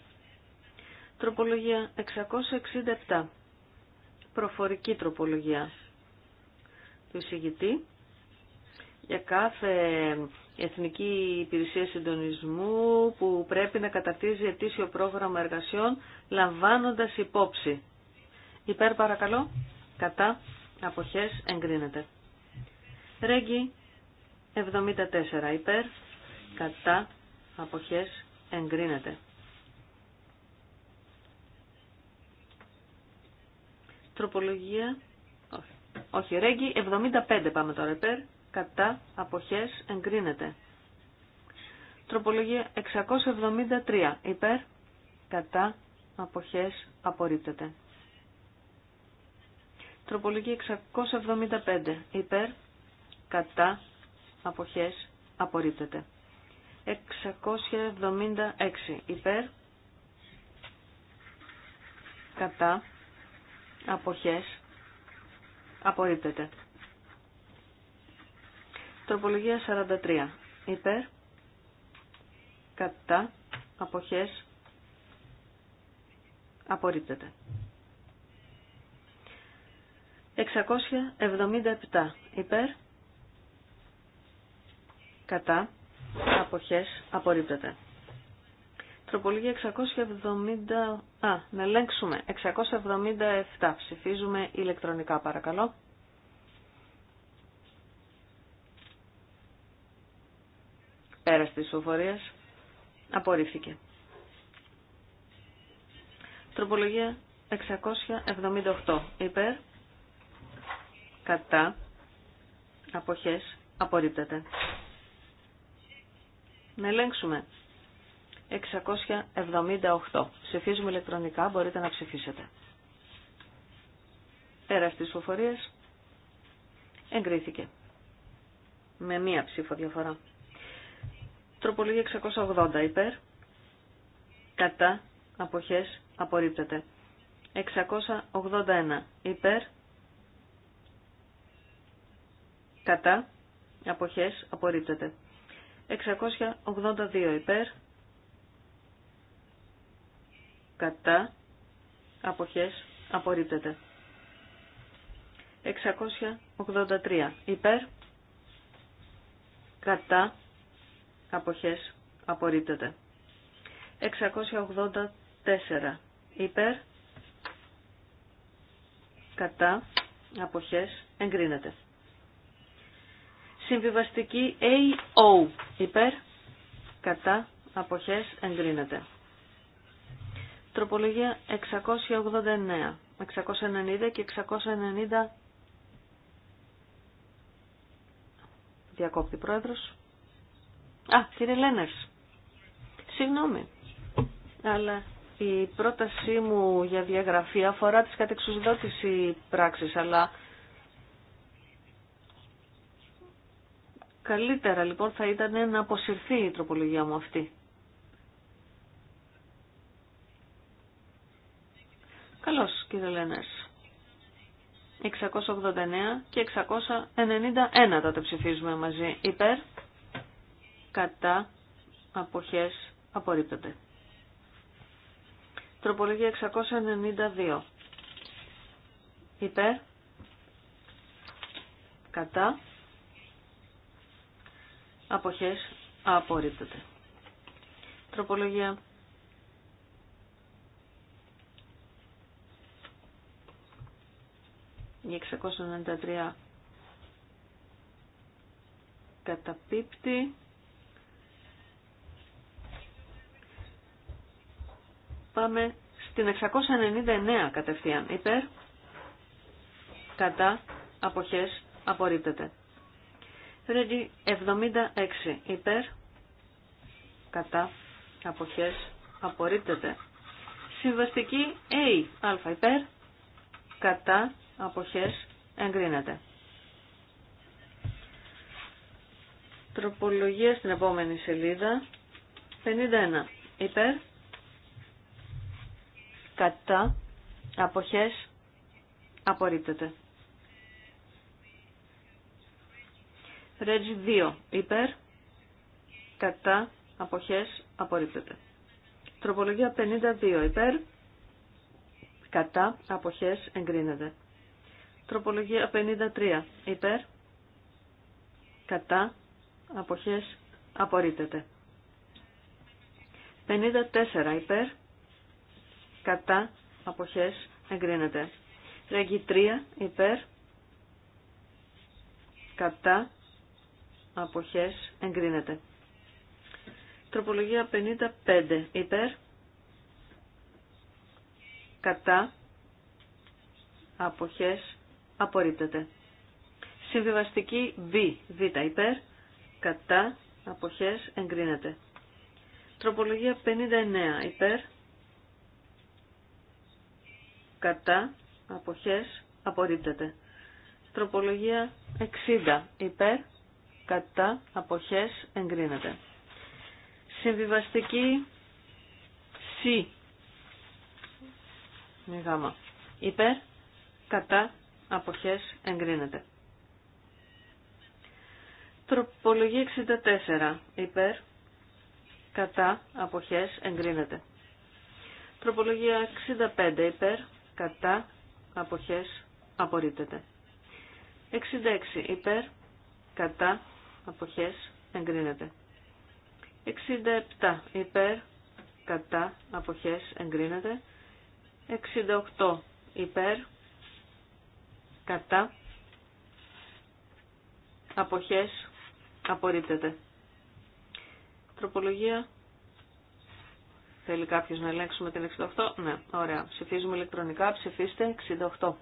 Τροπολογία 667. Προφορική τροπολογία του εισηγητή για κάθε Εθνική Υπηρεσία Συντονισμού που πρέπει να καταρτίζει ετήσιο πρόγραμμα εργασιών λαμβάνοντας υπόψη Υπέρ παρακαλώ. Κατά. Αποχές εγκρίνεται. Ρέγγι 74 υπέρ. Κατά. Αποχές εγκρίνεται. Τροπολογία. Όχι. Όχι. Ρέγγι 75 πάμε τώρα υπέρ. Κατά. Αποχές εγκρίνεται. Τροπολογία 673 υπέρ. Κατά. Αποχές απορρίπτεται. Τροπολογία 675. Υπέρ, κατά, αποχές, απορρίπτεται. 676. Υπέρ, κατά, αποχές, απορρίπτεται. Τροπολογία 43. Υπέρ, κατά, αποχές, απορρίπτεται. 677 υπέρ κατά αποχές απορρίπτεται. Τροπολογία 670... Α, να ελέγξουμε. 677. Ψηφίζουμε ηλεκτρονικά παρακαλώ. Πέρα της ψηφοφορίας. Απορρίφθηκε. Τροπολογία 678. Υπέρ κατά αποχές απορρίπτεται. Να ελέγξουμε. 678. Ψηφίζουμε ηλεκτρονικά, μπορείτε να ψηφίσετε. Πέρα της φοφορίας, εγκρίθηκε. Με μία ψήφο διαφορά. Τροπολογία 680 υπέρ. Κατά αποχές απορρίπτεται. 681 υπέρ κατά, αποχές, απορρίπτεται. 682 υπέρ, κατά, αποχές, απορρίπτεται. 683 υπέρ, κατά, αποχές, απορρίπτεται. 684 υπέρ, κατά, αποχές, εγκρίνεται. Συμβιβαστική AO υπέρ κατά αποχές εγκρίνεται. Τροπολογία 689, 690 και 690 διακόπτη πρόεδρος. Α, κύριε Λένερς, συγγνώμη, αλλά η πρότασή μου για διαγραφή αφορά τις κατεξουσδότηση πράξεις, αλλά Καλύτερα λοιπόν θα ήταν να αποσυρθεί η τροπολογία μου αυτή. Καλώς κύριε Λένες. 689 και 691 τα ψηφίζουμε μαζί. Υπέρ, κατά, αποχές, απορρίπτονται. Τροπολογία 692. Υπέρ, κατά, αποχές απορρίπτεται. Τροπολογία 693 καταπίπτει. Πάμε στην 699 κατευθείαν. Υπέρ, κατά, αποχές, απορρίπτεται. Ρέγγι 76 υπέρ, κατά, αποχές, απορρίπτεται. Συμβαστική A, α υπέρ, κατά, αποχές, εγκρίνεται. Τροπολογία στην επόμενη σελίδα, 51 υπέρ, κατά, αποχές, απορρίπτεται. Ρέτζι 2 υπέρ, κατά, αποχές, απορρίπτεται. Τροπολογία 52 υπέρ, κατά, αποχές, εγκρίνεται. Τροπολογία 53 υπέρ, κατά, αποχές, απορρίπτεται. 54 υπέρ, κατά, αποχές, εγκρίνεται. Ρέγγι 3 υπέρ, κατά, αποχές εγκρίνεται. Τροπολογία 55 υπέρ, κατά, αποχές απορρίπτεται. Συμβιβαστική B, β υπέρ, κατά, αποχές εγκρίνεται. Τροπολογία 59 υπέρ, κατά, αποχές απορρίπτεται. Τροπολογία 60 υπέρ, κατά αποχές εγκρίνεται. Συμβιβαστική σί. γάμα υπέρ κατά αποχές εγκρίνεται. Τροπολογία 64 υπέρ κατά αποχές εγκρίνεται. Τροπολογία 65 υπέρ κατά αποχές απορρίπτεται. 66 υπέρ κατά αποχές εγκρίνεται. 67 υπέρ κατά αποχές εγκρίνεται. 68 υπέρ κατά αποχές απορρίπτεται. Τροπολογία. Θέλει κάποιος να ελέγξουμε την 68. Ναι, ωραία. Ψηφίζουμε ηλεκτρονικά. Ψηφίστε 68.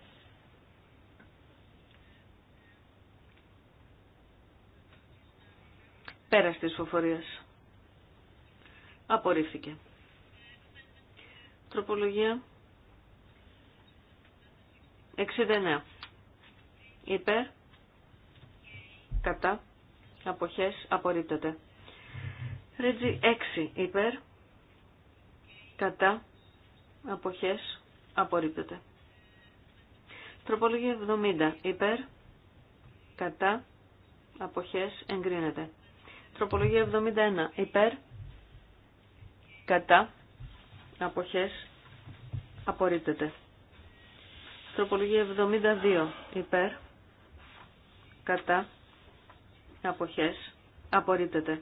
Πέρας της ψηφοφορίας. Απορρίφθηκε. Τροπολογία 69. Υπέρ. Κατά. Αποχές. Απορρίπτεται. Ρίτζι 6. Υπέρ. Κατά. Αποχές. Απορρίπτεται. Τροπολογία 70. Υπέρ. Κατά. Αποχές. Εγκρίνεται. Τροπολογία 71. Υπέρ. Κατά. Αποχές. Απορρίπτεται. Τροπολογία 72. Υπέρ. Κατά. Αποχές. Απορρίπτεται.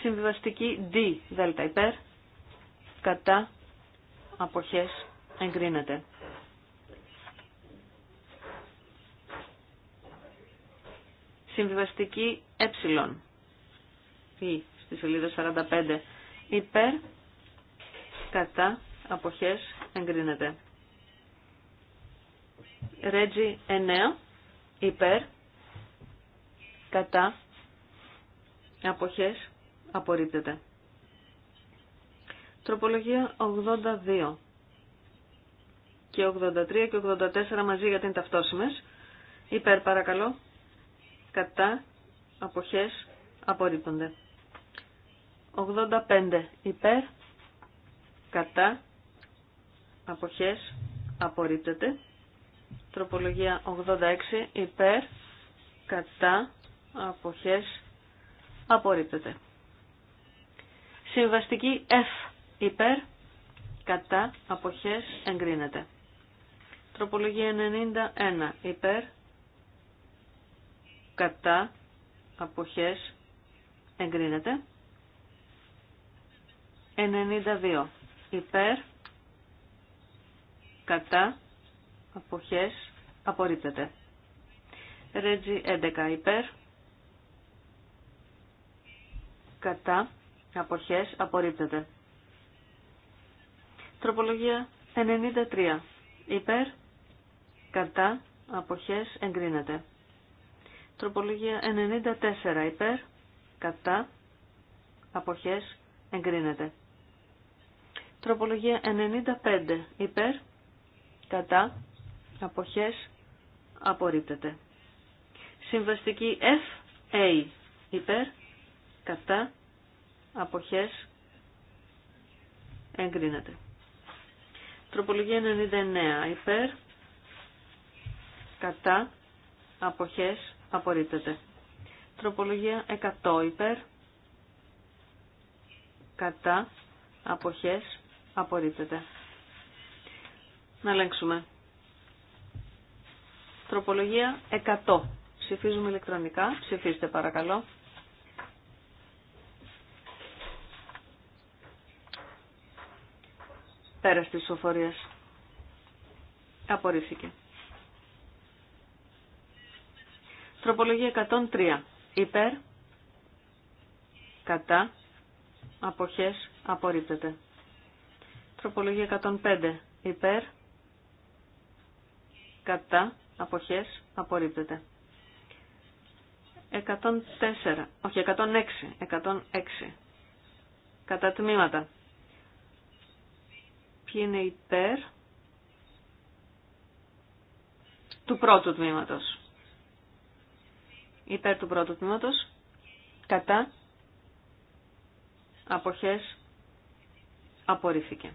Συμβιβαστική D. Δέλτα. Υπέρ. Κατά. Αποχές. Εγκρίνεται. Συμβιβαστική ε ή στη σελίδα 45 υπέρ κατά αποχές εγκρίνεται. Ρέτζι 9 υπέρ κατά αποχές απορρίπτεται. Τροπολογία 82 και 83 και 84 μαζί γιατί είναι ταυτόσιμες. Υπέρ παρακαλώ. Κατά αποχές απορρίπτονται. 85 υπέρ, κατά, αποχές, απορρίπτεται. Τροπολογία 86 υπέρ, κατά, αποχές, απορρίπτεται. Συμβαστική F υπέρ, κατά, αποχές, εγκρίνεται. Τροπολογία 91 υπέρ, κατά, αποχές, εγκρίνεται. 92. Υπέρ, κατά, αποχές, απορρίπτεται. Ρέτζι 11. Υπέρ, κατά, αποχές, απορρίπτεται. Τροπολογία 93. Υπέρ, κατά, αποχές, εγκρίνεται. Τροπολογία 94. Υπέρ, κατά, αποχές, εγκρίνεται. Τροπολογία 95 υπέρ, κατά, αποχές, απορρίπτεται. Συμβαστική FA υπέρ, κατά, αποχές, εγκρίνεται. Τροπολογία 99 υπέρ, κατά, αποχές, απορρίπτεται. Τροπολογία 100 υπέρ, κατά, αποχές, απορρίπτεται. Να ελέγξουμε. Τροπολογία 100. Ψηφίζουμε ηλεκτρονικά. Ψηφίστε παρακαλώ. Πέρα της Απορίθηκε. Απορρίφθηκε. Τροπολογία 103. Υπέρ. Κατά. Αποχές. Απορρίπτεται. Τροπολογία 105. Υπέρ. Κατά. Αποχές. Απορρίπτεται. 104. Όχι, 106. 106. Κατά τμήματα. Ποιοι είναι υπέρ του πρώτου τμήματος. Υπέρ του πρώτου τμήματος. Κατά. Αποχές. Απορρίφθηκε.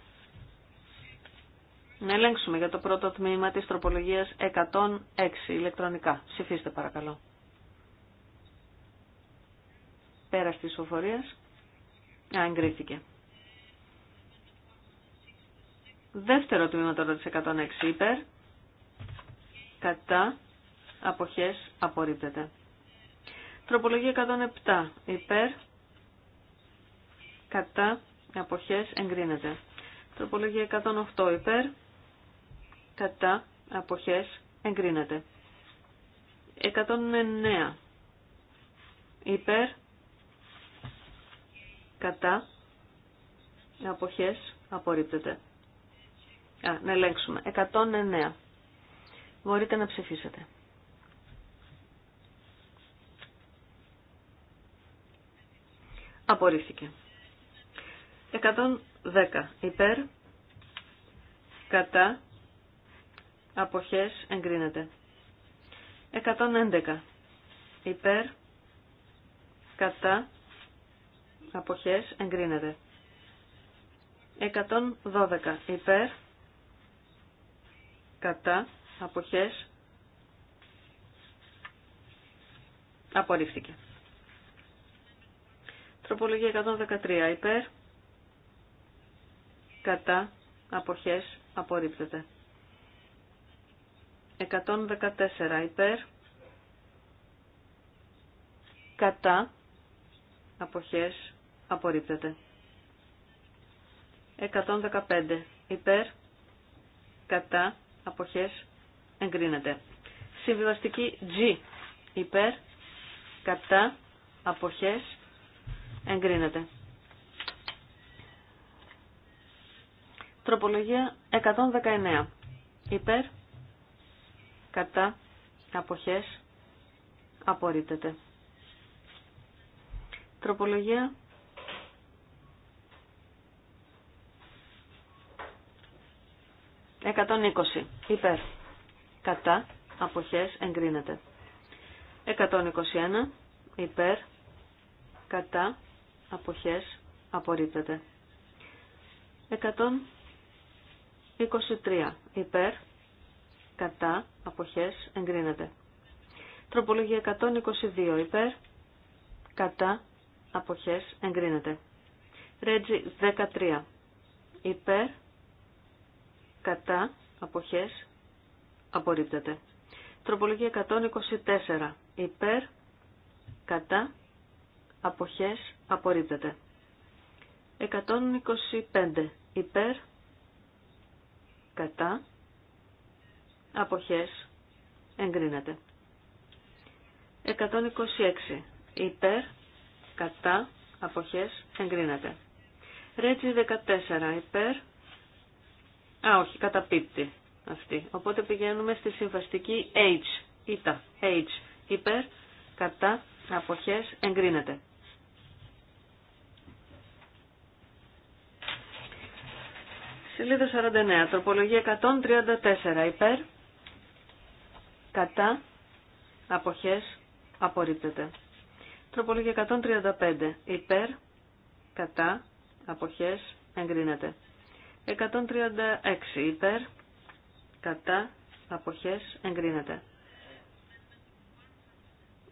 Να ελέγξουμε για το πρώτο τμήμα της τροπολογίας 106 ηλεκτρονικά. Ψηφίστε παρακαλώ. Πέρα της ψηφοφορίας. Α, Δεύτερο τμήμα τώρα της 106 υπέρ. Κατά. Αποχές απορρίπτεται. Τροπολογία 107 υπέρ. Κατά. Αποχές εγκρίνεται. Τροπολογία 108 υπέρ κατά αποχές εγκρίνεται. 109 υπέρ κατά αποχές απορρίπτεται. Α, να ελέγξουμε. 109. Μπορείτε να ψηφίσετε. Απορρίφθηκε. 110. Υπέρ, κατά, αποχές εγκρίνεται. 111. Υπέρ, κατά, αποχές εγκρίνεται. 112. Υπέρ, κατά, αποχές απορρίφθηκε. Τροπολογία 113. Υπέρ, κατά, αποχές Απορρίφθηκε. 114 υπέρ, κατά, αποχές, απορρίπτεται. 115 υπέρ, κατά, αποχές, εγκρίνεται. Συμβιβαστική G υπέρ, κατά, αποχές, εγκρίνεται. Τροπολογία 119 υπέρ, κατά αποχές απορρίπτεται. Τροπολογία 120 υπέρ κατά αποχές εγκρίνεται. 121 υπέρ κατά αποχές απορρίπτεται. 123 υπέρ κατά, αποχές, εγκρίνεται. Τροπολογία 122 υπέρ, κατά, αποχές, εγκρίνεται. Ρέτζι 13 υπέρ, κατά, αποχές, απορρίπτεται. Τροπολογία 124 υπέρ, κατά, αποχές, απορρίπτεται. 125 υπέρ, κατά, αποχές εγκρίνεται. 126 υπέρ, κατά, αποχές εγκρίνεται. Ρέτζι 14 υπέρ, α όχι, καταπίπτει αυτή. Οπότε πηγαίνουμε στη συμβαστική H, ήτα, H, υπέρ, κατά, αποχές εγκρίνεται. Σελίδα 49, τροπολογία 134, υπέρ, κατά, αποχές, απορρίπτεται. Τροπολογία 135. Υπέρ, κατά, αποχές, εγκρίνεται. 136. Υπέρ, κατά, αποχές, εγκρίνεται.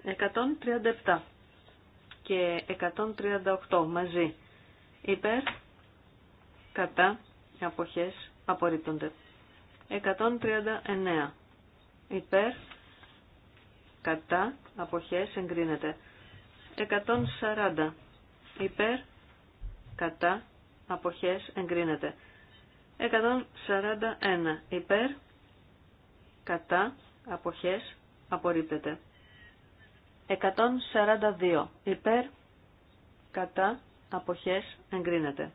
137 και 138 μαζί. Υπέρ, κατά, αποχές, απορρίπτονται. 139 υπέρ, κατά, αποχές, εγκρίνεται. 140 υπέρ, κατά, αποχές, εγκρίνεται. 141 υπέρ, κατά, αποχές, απορρίπτεται. 142 υπέρ, κατά, αποχές, εγκρίνεται.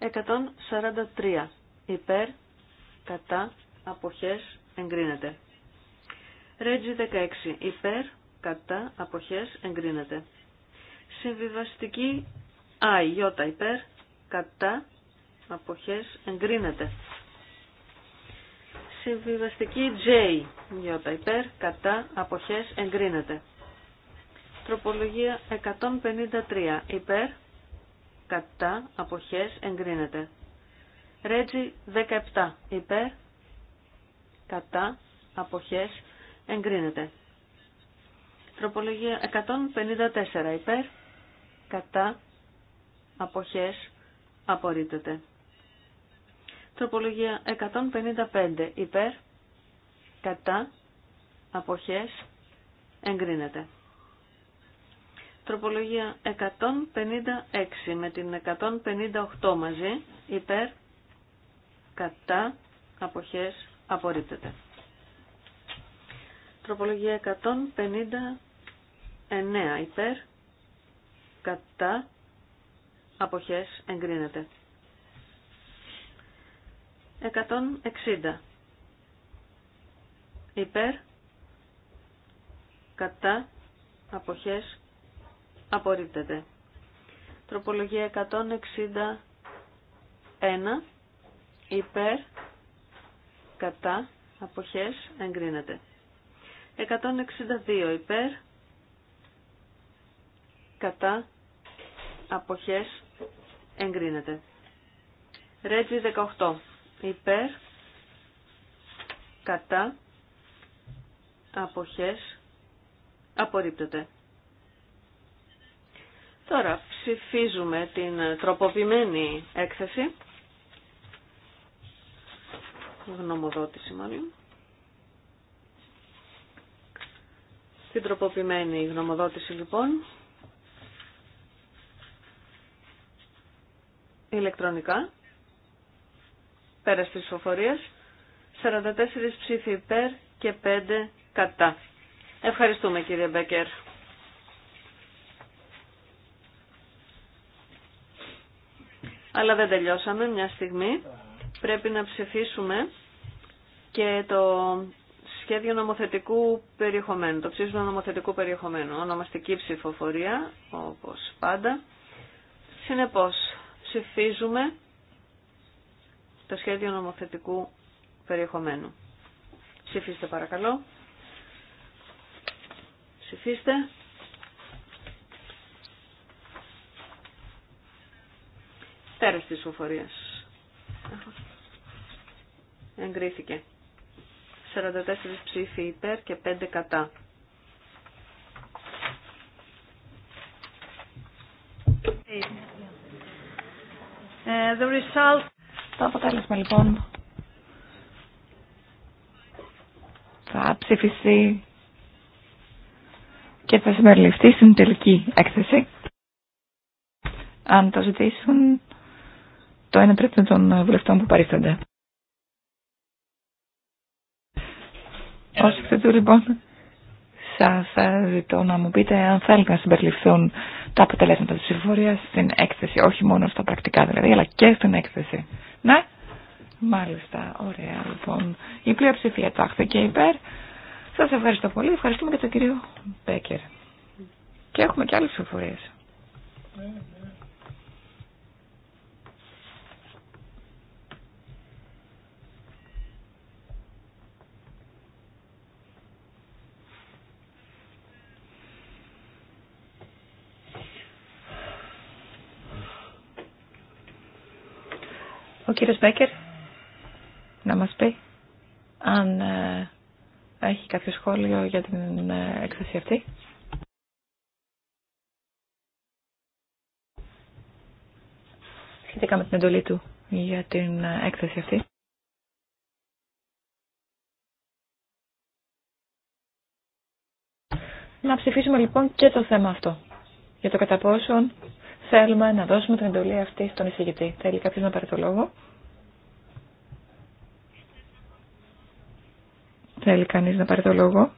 143 υπέρ, κατά, αποχές, εγκρίνεται. Ρέτζι 16 υπέρ, κατά, αποχές, εγκρίνεται. Συμβιβαστική Α, Ιώτα, υπέρ, κατά, αποχές, εγκρίνεται. Συμβιβαστική J, Ιώτα, υπέρ, κατά, αποχές, εγκρίνεται. Τροπολογία 153, υπέρ, κατά, αποχές, εγκρίνεται. Ρέτζι 17, υπέρ, κατά αποχές εγκρίνεται. Τροπολογία 154 υπέρ κατά αποχές απορρίπτεται. Τροπολογία 155 υπέρ κατά αποχές εγκρίνεται. Τροπολογία 156 με την 158 μαζί υπέρ κατά αποχές Απορρίπτεται. Τροπολογία 159 υπέρ, κατά, αποχές, εγκρίνεται. 160 υπέρ, κατά, αποχές, απορρίπτεται. Τροπολογία 161 υπέρ, κατά αποχές εγκρίνεται. 162 υπέρ κατά αποχές εγκρίνεται. Ρέτζι 18 υπέρ κατά αποχές απορρίπτεται. Τώρα ψηφίζουμε την τροποποιημένη έκθεση γνωμοδότηση μάλλον. Στην τροποποιημένη γνωμοδότηση λοιπόν, ηλεκτρονικά, πέρα στις ψηφοφορίες, 44 ψήφοι υπέρ και 5 κατά. Ευχαριστούμε κύριε Μπέκερ. Αλλά δεν τελειώσαμε μια στιγμή πρέπει να ψηφίσουμε και το σχέδιο νομοθετικού περιεχομένου, το ψήφισμα νομοθετικού περιεχομένου, ονομαστική ψηφοφορία, όπως πάντα. Συνεπώς, ψηφίζουμε το σχέδιο νομοθετικού περιεχομένου. Ψηφίστε παρακαλώ. Ψηφίστε. Πέρας της ψηφοφορίας. Εγκρίθηκε. 44 ψήφοι υπέρ και 5 κατά. Ε, το αποτέλεσμα λοιπόν θα ψηφιστεί και θα συμμεριληφθεί στην τελική έκθεση. Αν το ζητήσουν, το 1 τρίτο των βουλευτών που παρίστανται. Ως εκ λοιπόν σας ε, ζητώ να μου πείτε αν θέλετε να συμπεριληφθούν τα αποτελέσματα της συμφορίας στην έκθεση, όχι μόνο στα πρακτικά δηλαδή, αλλά και στην έκθεση. Ναι, μάλιστα, ωραία λοιπόν. Η πλειοψηφία τάχθηκε υπέρ. Σας ευχαριστώ πολύ, ευχαριστούμε και τον κύριο Μπέκερ. Και έχουμε και άλλες συμφορίες. Ναι, ναι. Κύριος Μπέκερ, να μας πει αν ε, έχει κάποιο σχόλιο για την ε, έκθεση αυτή. Σχετικά με την εντολή του για την ε, έκθεση αυτή. Να ψηφίσουμε λοιπόν και το θέμα αυτό. Για το κατά πόσον θέλουμε να δώσουμε την εντολή αυτή στον εισηγητή. Θέλει κάποιος να πάρει το λόγο. Θέλει κανείς να πάρει το λόγο.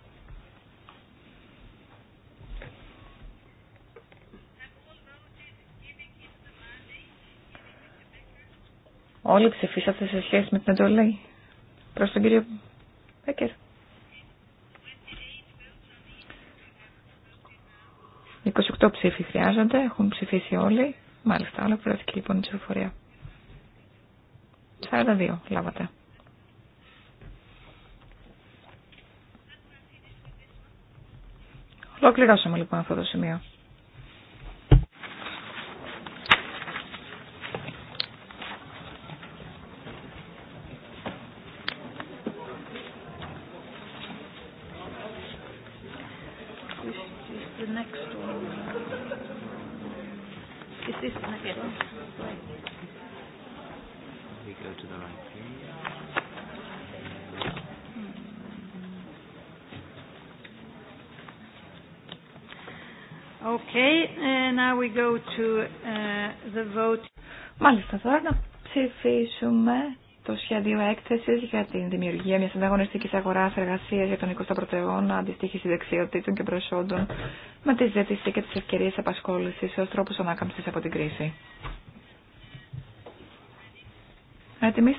Όλοι ψηφίσατε σε σχέση με την εντολή. Προς τον κύριο Μπέκερ. 28 ψήφοι χρειάζονται, έχουν ψηφίσει όλοι. Μάλιστα, όλα ολοκληρώθηκε λοιπόν η ψηφοφορία. 42 λάβατε. Ολοκληρώσαμε λοιπόν αυτό το σημείο. we go to uh, the vote. Μάλιστα, τώρα να ψηφίσουμε το σχέδιο έκθεση για την δημιουργία μια ανταγωνιστική αγορά εργασία για τον 21ο αιώνα, αντιστοίχηση δεξιοτήτων και προσόντων, με τη ζήτηση και τι ευκαιρίε απασχόληση ω τρόπο ανάκαμψη από την κρίση. Έτοιμοι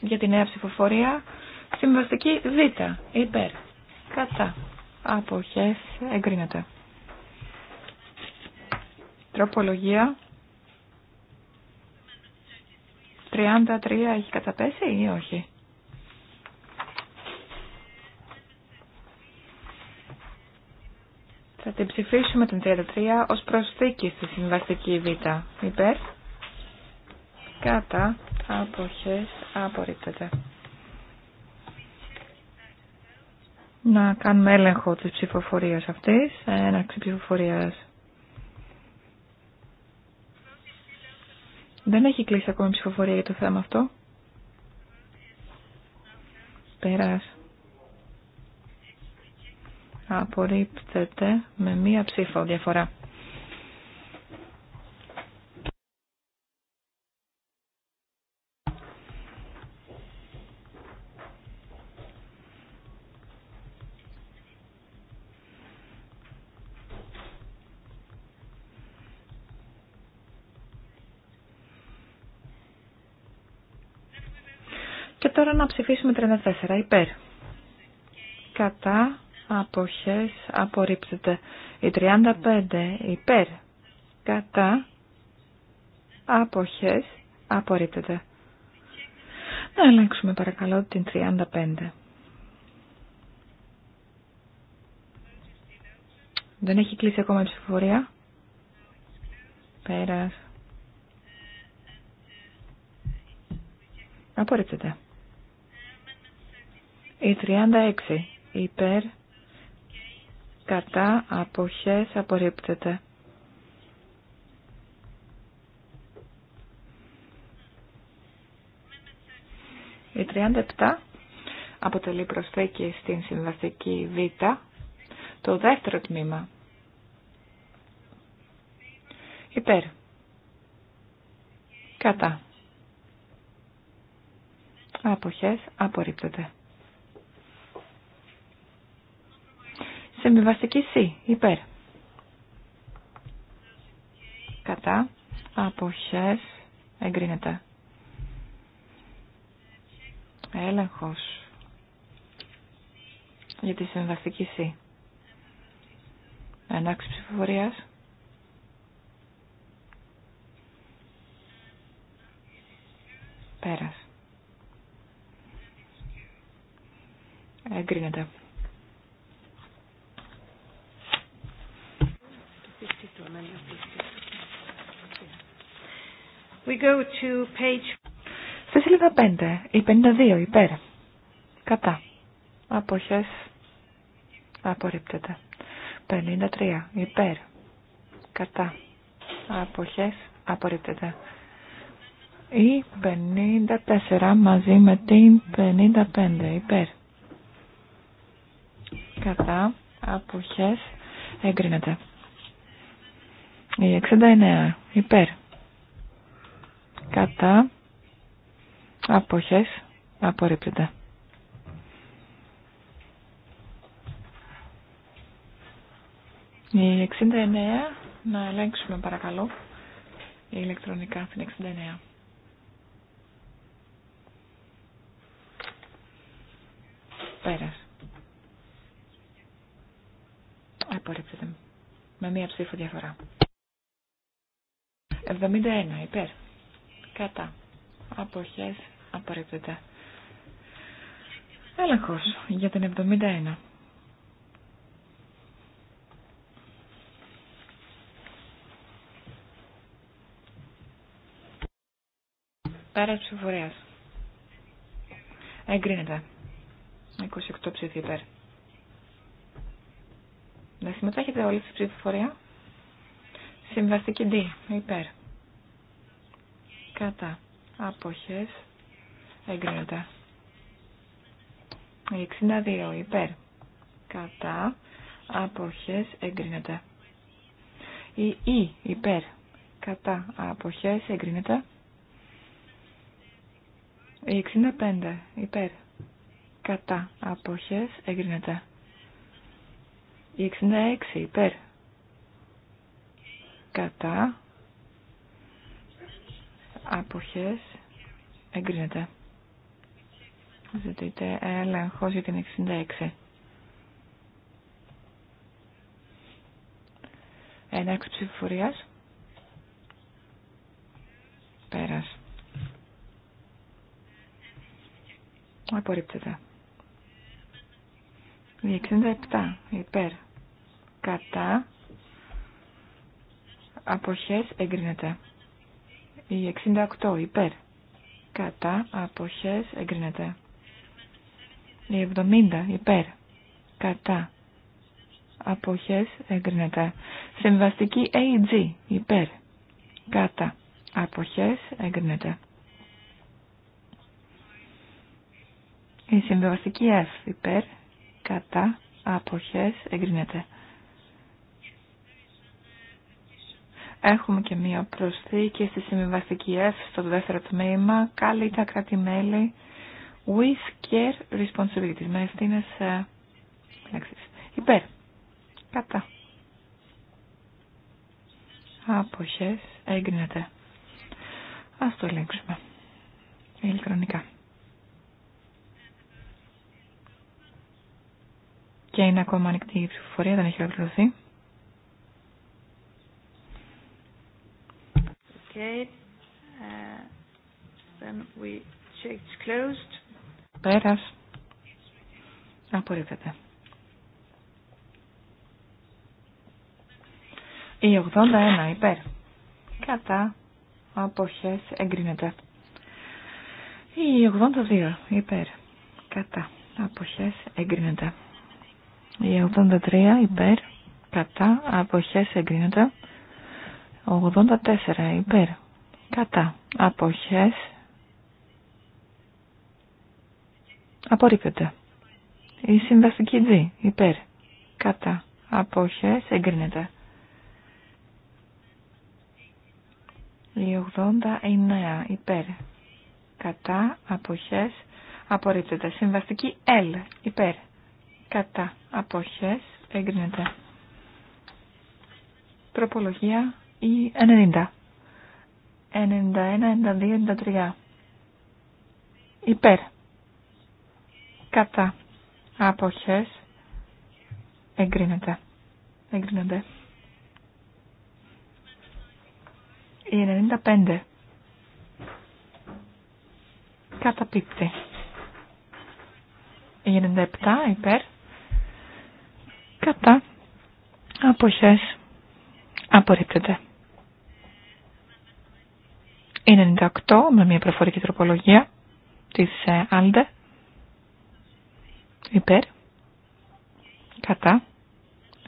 για τη νέα ψηφοφορία. Συμβαστική Β. Υπέρ. Κατά αποχές εγκρίνεται. Τροπολογία 33 έχει καταπέσει ή όχι. Θα την ψηφίσουμε την 33 ως προσθήκη στη συμβαστική Β. Υπέρ. Κατά. Αποχές. Απορρίπτεται. να κάνουμε έλεγχο της ψηφοφορίας αυτής, έναρξη ψηφοφορίας. Δεν έχει κλείσει ακόμη ψηφοφορία για το θέμα αυτό. Πέρας. Απορρίπτεται με μία ψήφο διαφορά. τώρα να ψηφίσουμε 34 υπέρ. Κατά αποχές απορρίπτεται. Η 35 υπέρ. Κατά αποχές απορρίπτεται. Να ελέγξουμε παρακαλώ την 35. Δεν έχει κλείσει ακόμα η ψηφοφορία. Πέρας. Απορρίπτεται. Η 36 υπέρ κατά αποχές απορρίπτεται. Η 37 αποτελεί προσθέκη στην συμβαστική Β, το δεύτερο τμήμα. Υπέρ. Κατά. Αποχές απορρίπτεται. Συμβιβαστική C, υπέρ. Κατά. Αποχές. Εγκρίνεται. Έλεγχος. Για τη συμβιβαστική C. Ενάξη ψηφοφορίας. Πέρας. Εγκρίνεται. Στη σελίδα 5, η 52, υπέρ. Κατά. Αποχές. Απορρίπτεται. 53, υπέρ. Κατά. Αποχές. Απορρίπτεται. Η 54 μαζί με την 55, υπέρ. Κατά. Αποχές. Εγκρίνεται. Η 69 υπέρ. Κατά. Αποχές. Απορρίπτεται. Η 69, να ελέγξουμε παρακαλώ, η ηλεκτρονικά στην 69. Πέρας. Απορρίπτεται. Με μία ψήφο διαφορά. 71 υπέρ. Κατά. Αποχές απορρίπτεται. Έλεγχος για την 71. Πέρα ψηφορίας. Εγκρίνεται. 28 ψήφοι υπέρ. Να συμμετάχετε όλοι στη ψηφοφορία. Συμβαστική D. Υπέρ. Κατά. Αποχές. Εγκρίνεται. 62. Υπέρ. Κατά. Αποχές. Εγκρίνεται. Η E. Υπέρ. Κατά. Αποχές. Εγκρίνεται. Η 65. Υπέρ. Κατά. Αποχές. Εγκρίνεται. Η 66. Υπέρ κατά αποχές εγκρίνεται. Ζητείτε έλεγχος για την 66. Έναρξη ψηφοφορία. Πέρας. Απορρίπτεται. 67. Υπέρ. Κατά αποχές εγκρίνεται. Η 68 υπέρ. Κατά αποχές εγκρίνεται. Η 70 υπέρ. Κατά αποχές εγκρίνεται. Συμβαστική AG υπέρ. Κατά αποχές εγκρίνεται. Η συμβαστική F υπέρ, κατά, αποχές, εγκρίνεται. Έχουμε και μία προσθήκη στη συμβιβαστική F στο δεύτερο τμήμα. καλή τα κράτη-μέλη with care responsibilities. Με ευθύνε λέξεις. Ε, Υπέρ. Κατά. Αποχές. Έγκρινεται. Ας το ελέγξουμε. Ηλεκτρονικά. Και είναι ακόμα ανοιχτή η ψηφοφορία, δεν έχει ολοκληρωθεί. 28. Uh, then we it's closed. Πέρας. Απορρίπτεται. Η 81 υπέρ. Κατά. Αποχές εγκρίνεται. Η 82 υπέρ. Κατά. Αποχές εγκρίνεται. Η 83 υπέρ. Κατά. Αποχές εγκρίνεται. 84 υπέρ. Κατά. Αποχές. Απορρίπτεται. Η συμβαστική δί υπέρ. Κατά. Αποχές εγκρίνεται. Η 89 υπέρ. Κατά. Αποχές απορρίπτεται. Συμβαστική L υπέρ. Κατά. Αποχές εγκρίνεται. Προπολογία ή 90. 91, 92, 93. Υπέρ. Κατά. Αποχές. Εγκρίνεται. Εγκρίνονται. Η 95. Καταπίπτει. Η 97 υπέρ. Κατά. Αποχές. Απορρίπτεται. Η 98 με μια προφορική τροπολογία της ε, Άλντε. Υπέρ. Κατά.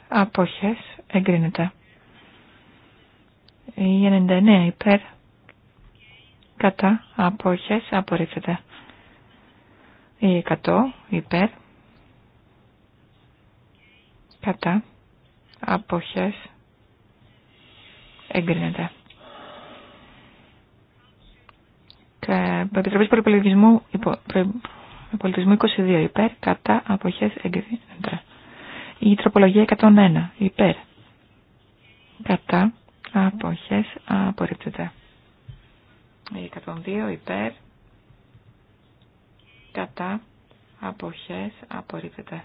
Αποχές. Εγκρίνεται. Η 99 υπέρ. Κατά. Αποχές. απορρίφεται. Η 100 υπέρ. Κατά. Αποχές. Εγκρίνεται. Ε, Επιτροπής υπο, προ, 22 υπέρ, κατά αποχές εγκρίνεται. Η τροπολογία 101 υπέρ, κατά αποχές απορρίπτεται. Η 102 υπέρ, κατά αποχές απορρίπτεται.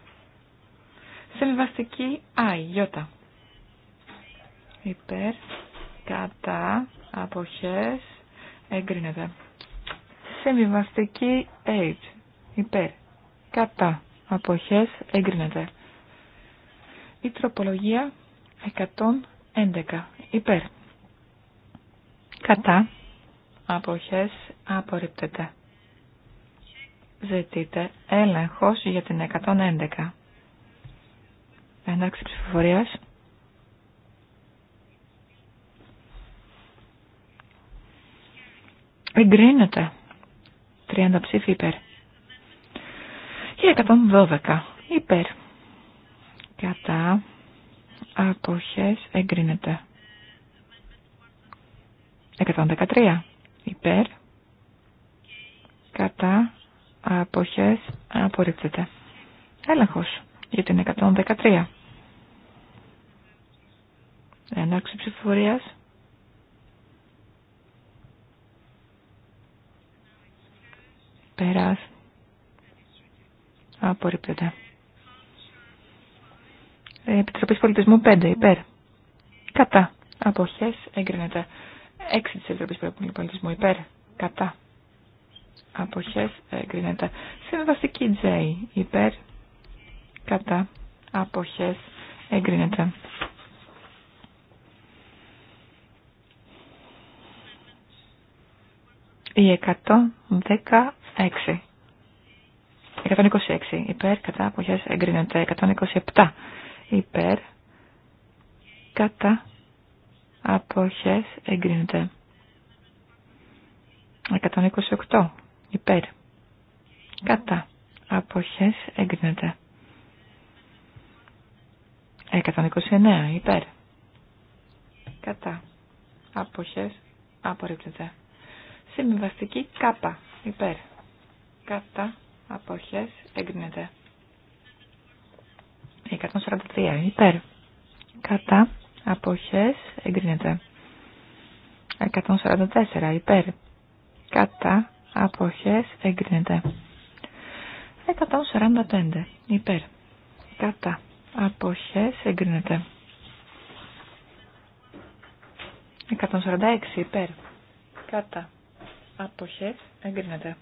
Σελβαστική Ι, υπέρ, κατά αποχές εγκρίνεται. Συμβιβαστική AIDS. Υπέρ. Κατά. Αποχές εγκρίνεται. Η τροπολογία 111. Υπέρ. Κατά. Αποχές απορρίπτεται. Ζητείτε έλεγχος για την 111. Έναρξη ψηφοφορίας. Εγκρίνεται. 30 ψήφοι υπέρ. Και 112 υπέρ. Κατά αποχές εγκρίνεται. 113 υπέρ. Κατά αποχές απορρίπτεται. Έλεγχος για την 113. Έναρξη ψηφοφορίας. Πέρας. Απορρίπτεται. Ε, Επιτροπής Πολιτισμού 5 υπέρ. Κατά. Αποχές έγκρινεται. 6 της Επιτροπής Πολιτισμού υπέρ. Κατά. Αποχές έγκρινεται. Συνδαστική J υπέρ. Κατά. Αποχές έγκρινεται. Η 110 126 υπέρ, κατά αποχές εγκρίνεται. 127 υπέρ, κατά αποχές εγκρίνεται. 128 υπέρ, κατά αποχές εγκρίνεται. 129 υπέρ, κατά αποχές απορρίπτεται. Συμβαστική κάπα υπέρ κατά αποχές εγκρίνεται. 143 υπέρ κατά αποχές εγκρίνεται. 144 υπέρ κατά αποχές εγκρίνεται. 145 υπέρ κατά αποχές εγκρίνεται. 146 υπέρ κατά αποχές εγκρίνεται.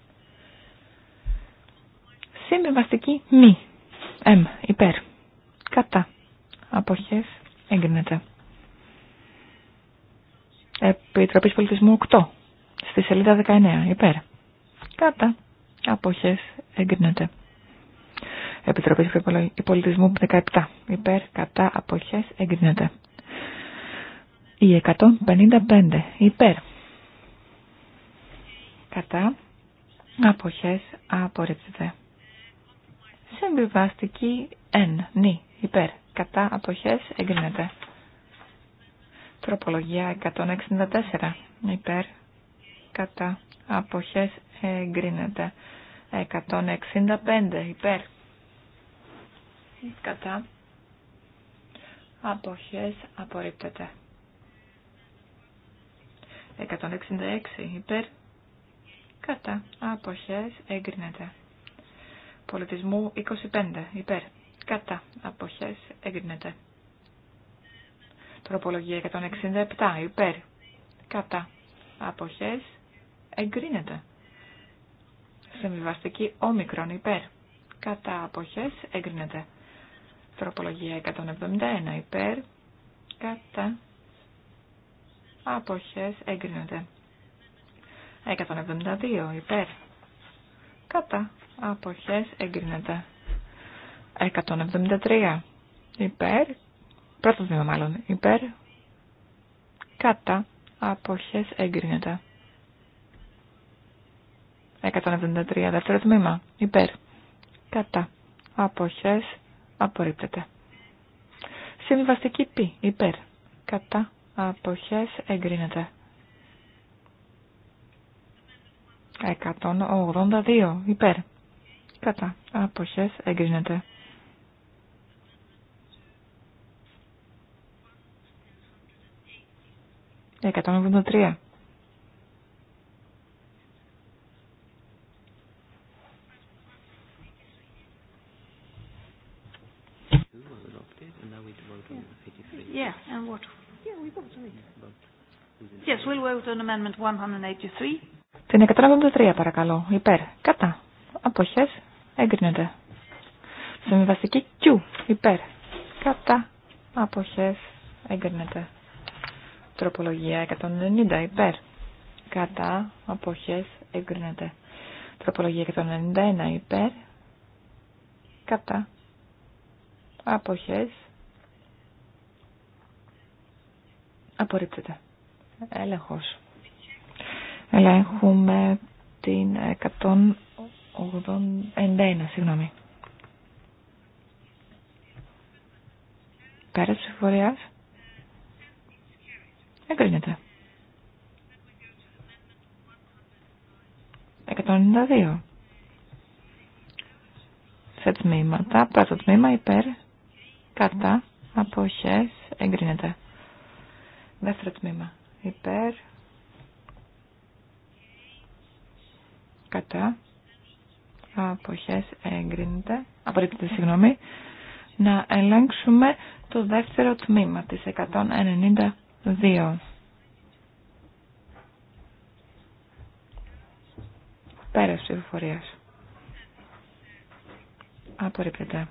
Συμβιβαστική μη. Μ. Υπέρ. Κατά. Αποχές. Έγκρινεται. Επιτροπής Πολιτισμού 8. Στη σελίδα 19. Υπέρ. Κατά. Αποχές. Έγκρινεται. Επιτροπής Πολιτισμού 17. Υπέρ. Κατά. Αποχές. Έγκρινεται. Η 155. Υπέρ. Κατά. Αποχές. Απορρίπτεται. Συμβιβαστική εν, νη, υπέρ, κατά, αποχές, εγκρίνεται. Τροπολογία 164, υπέρ, κατά, αποχές, εγκρίνεται. 165, υπέρ, κατά, αποχές, απορρίπτεται. 166, υπέρ, κατά, αποχές, εγκρίνεται πολιτισμού 25 υπέρ. Κατά αποχές εγκρίνεται. Τροπολογία 167 υπέρ. Κατά αποχές εγκρίνεται. Συμβιβαστική όμικρον υπέρ. Κατά αποχές εγκρίνεται. Τροπολογία 171 υπέρ. Κατά αποχές εγκρίνεται. 172 υπέρ Κατά. Αποχές εγκρίνεται. 173. Υπέρ. Πρώτο τμήμα μάλλον. Υπέρ. Κατά. Αποχές εγκρίνεται. 173. Δεύτερο τμήμα. Υπέρ. Κατά. Αποχές απορρίπτεται. Συμβαστική π. Υπέρ. Κατά. Αποχές εγκρίνεται. 182 υπέρ. Κατά. Αποχές εγκρίνεται. 183. Ναι, and what? Yeah, we Yes, we'll vote on Amendment 183. Την 153 παρακαλώ. Υπέρ. Κατά. Αποχές. Εγκρίνεται. Συμβιβαστική Q. Υπέρ. Κατά. Αποχές. Εγκρίνεται. Τροπολογία 190. Υπέρ. Κατά. Αποχές. Εγκρίνεται. Τροπολογία 191. Υπέρ. Κατά. Αποχές. Απορρίπτεται. Έλεγχος. Ελέγχουμε την 181, συγγνώμη. Πέρα της Φορειάς, Εγκρίνεται. 192. Σε τμήματα, πρώτο τμήμα υπέρ, κατά, αποχές, εγκρίνεται. Δεύτερο τμήμα, υπέρ, κατά αποχές εγκρίνεται, απορρίπτεται συγγνώμη, να ελέγξουμε το δεύτερο τμήμα της 192. Πέρας ψηφοφορίας. Απορρίπτεται.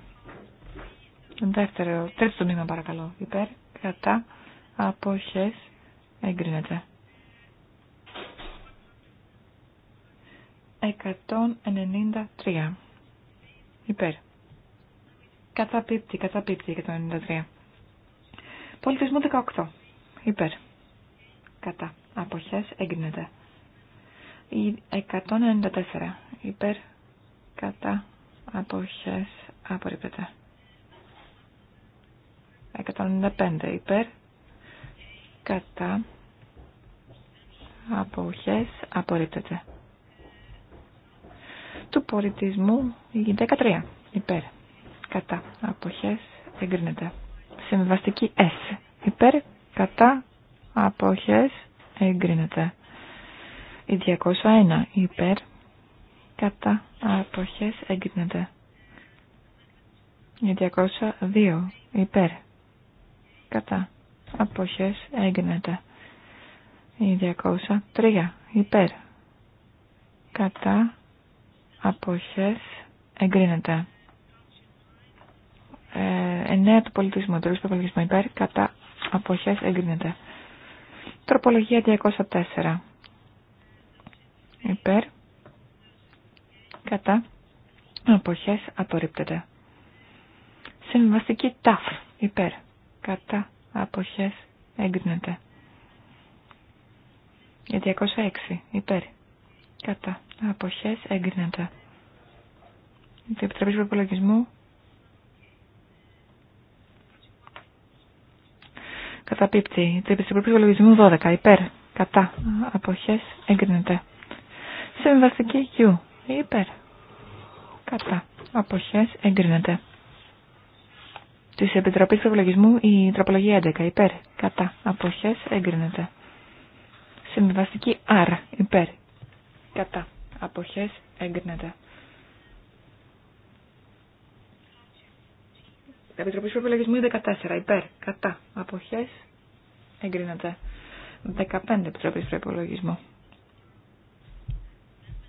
Δεύτερο, τρίτο τμήμα παρακαλώ. Υπέρ, κατά, αποχές, εγκρίνεται. 193. Υπέρ. Καταπίπτει, καταπίπτει 193. Πολιτισμό 18. Υπέρ. Κατά. Αποχές έγκρινεται. 194. Υπέρ. Κατά. Αποχές απορρίπτεται. 195. Υπέρ. Κατά. Αποχές απορρίπτεται του πολιτισμού 13 υπέρ κατά αποχές εγκρίνεται. Συμβαστική S υπέρ κατά αποχές εγκρίνεται. Η 201 υπέρ κατά αποχές εγκρίνεται. Η 202 υπέρ κατά αποχές εγκρίνεται. Η 203 υπέρ κατά αποχές εγκρίνεται. Ε, 9 του πολιτισμού, του υπέρ, κατά αποχές εγκρίνεται. Τροπολογία 204. Υπέρ, κατά αποχές απορρίπτεται. Συμβαστική ταφ, υπέρ, κατά αποχές εγκρίνεται. 206, υπέρ, Κατά. Αποχές εγκρίνεται. Η Επιτροπή Προπολογισμού. Καταπίπτει. Η Επιτροπή Προπολογισμού 12. Υπέρ. Κατά. Αποχές εγκρίνεται. Συμβαστική Q. Υπέρ. Κατά. Αποχές εγκρίνεται. Τη Επιτροπή Προπολογισμού η τροπολογία 11. Υπέρ. Κατά. Αποχές εγκρίνεται. Συμβαστική R. Υπέρ κατά αποχές έγκρινεται. Επιτροπή Προπολογισμού 14. Υπέρ. Κατά. Αποχές. Εγκρίνεται. 15. Επιτροπή Προπολογισμού.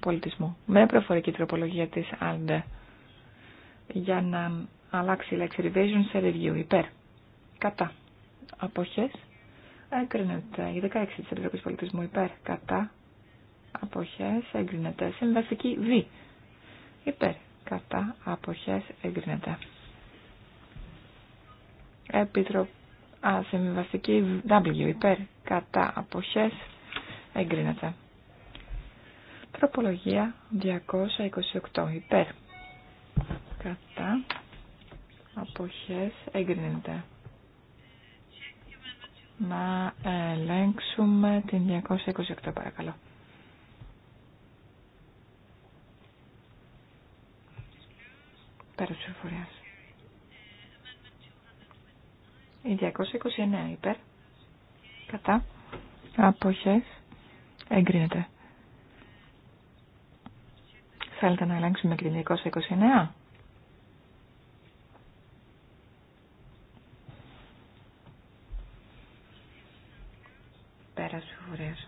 Πολιτισμού. Με προφορική τροπολογία της Άλντε. Για να αλλάξει η λέξη revision σε review. Υπέρ. Κατά. Αποχές. Εγκρίνεται. Η 16 τη Επιτροπής Πολιτισμού. Υπέρ. Κατά αποχές εγκρίνεται. Συμβαστική Β. Υπέρ. Κατά αποχές εγκρίνεται. Επιτροπή. Α, συμβαστική W. Υπέρ. Κατά αποχές εγκρίνεται. Τροπολογία 228. Υπέρ. Κατά αποχές εγκρίνεται. Να ελέγξουμε την 228 παρακαλώ. Πέρας ψηφοφορίας. Η 229 υπέρ. Κατά. Αποχές. Εγκρίνεται. Θέλετε να ελέγξουμε και την 229. Πέρας ψηφοφορίας.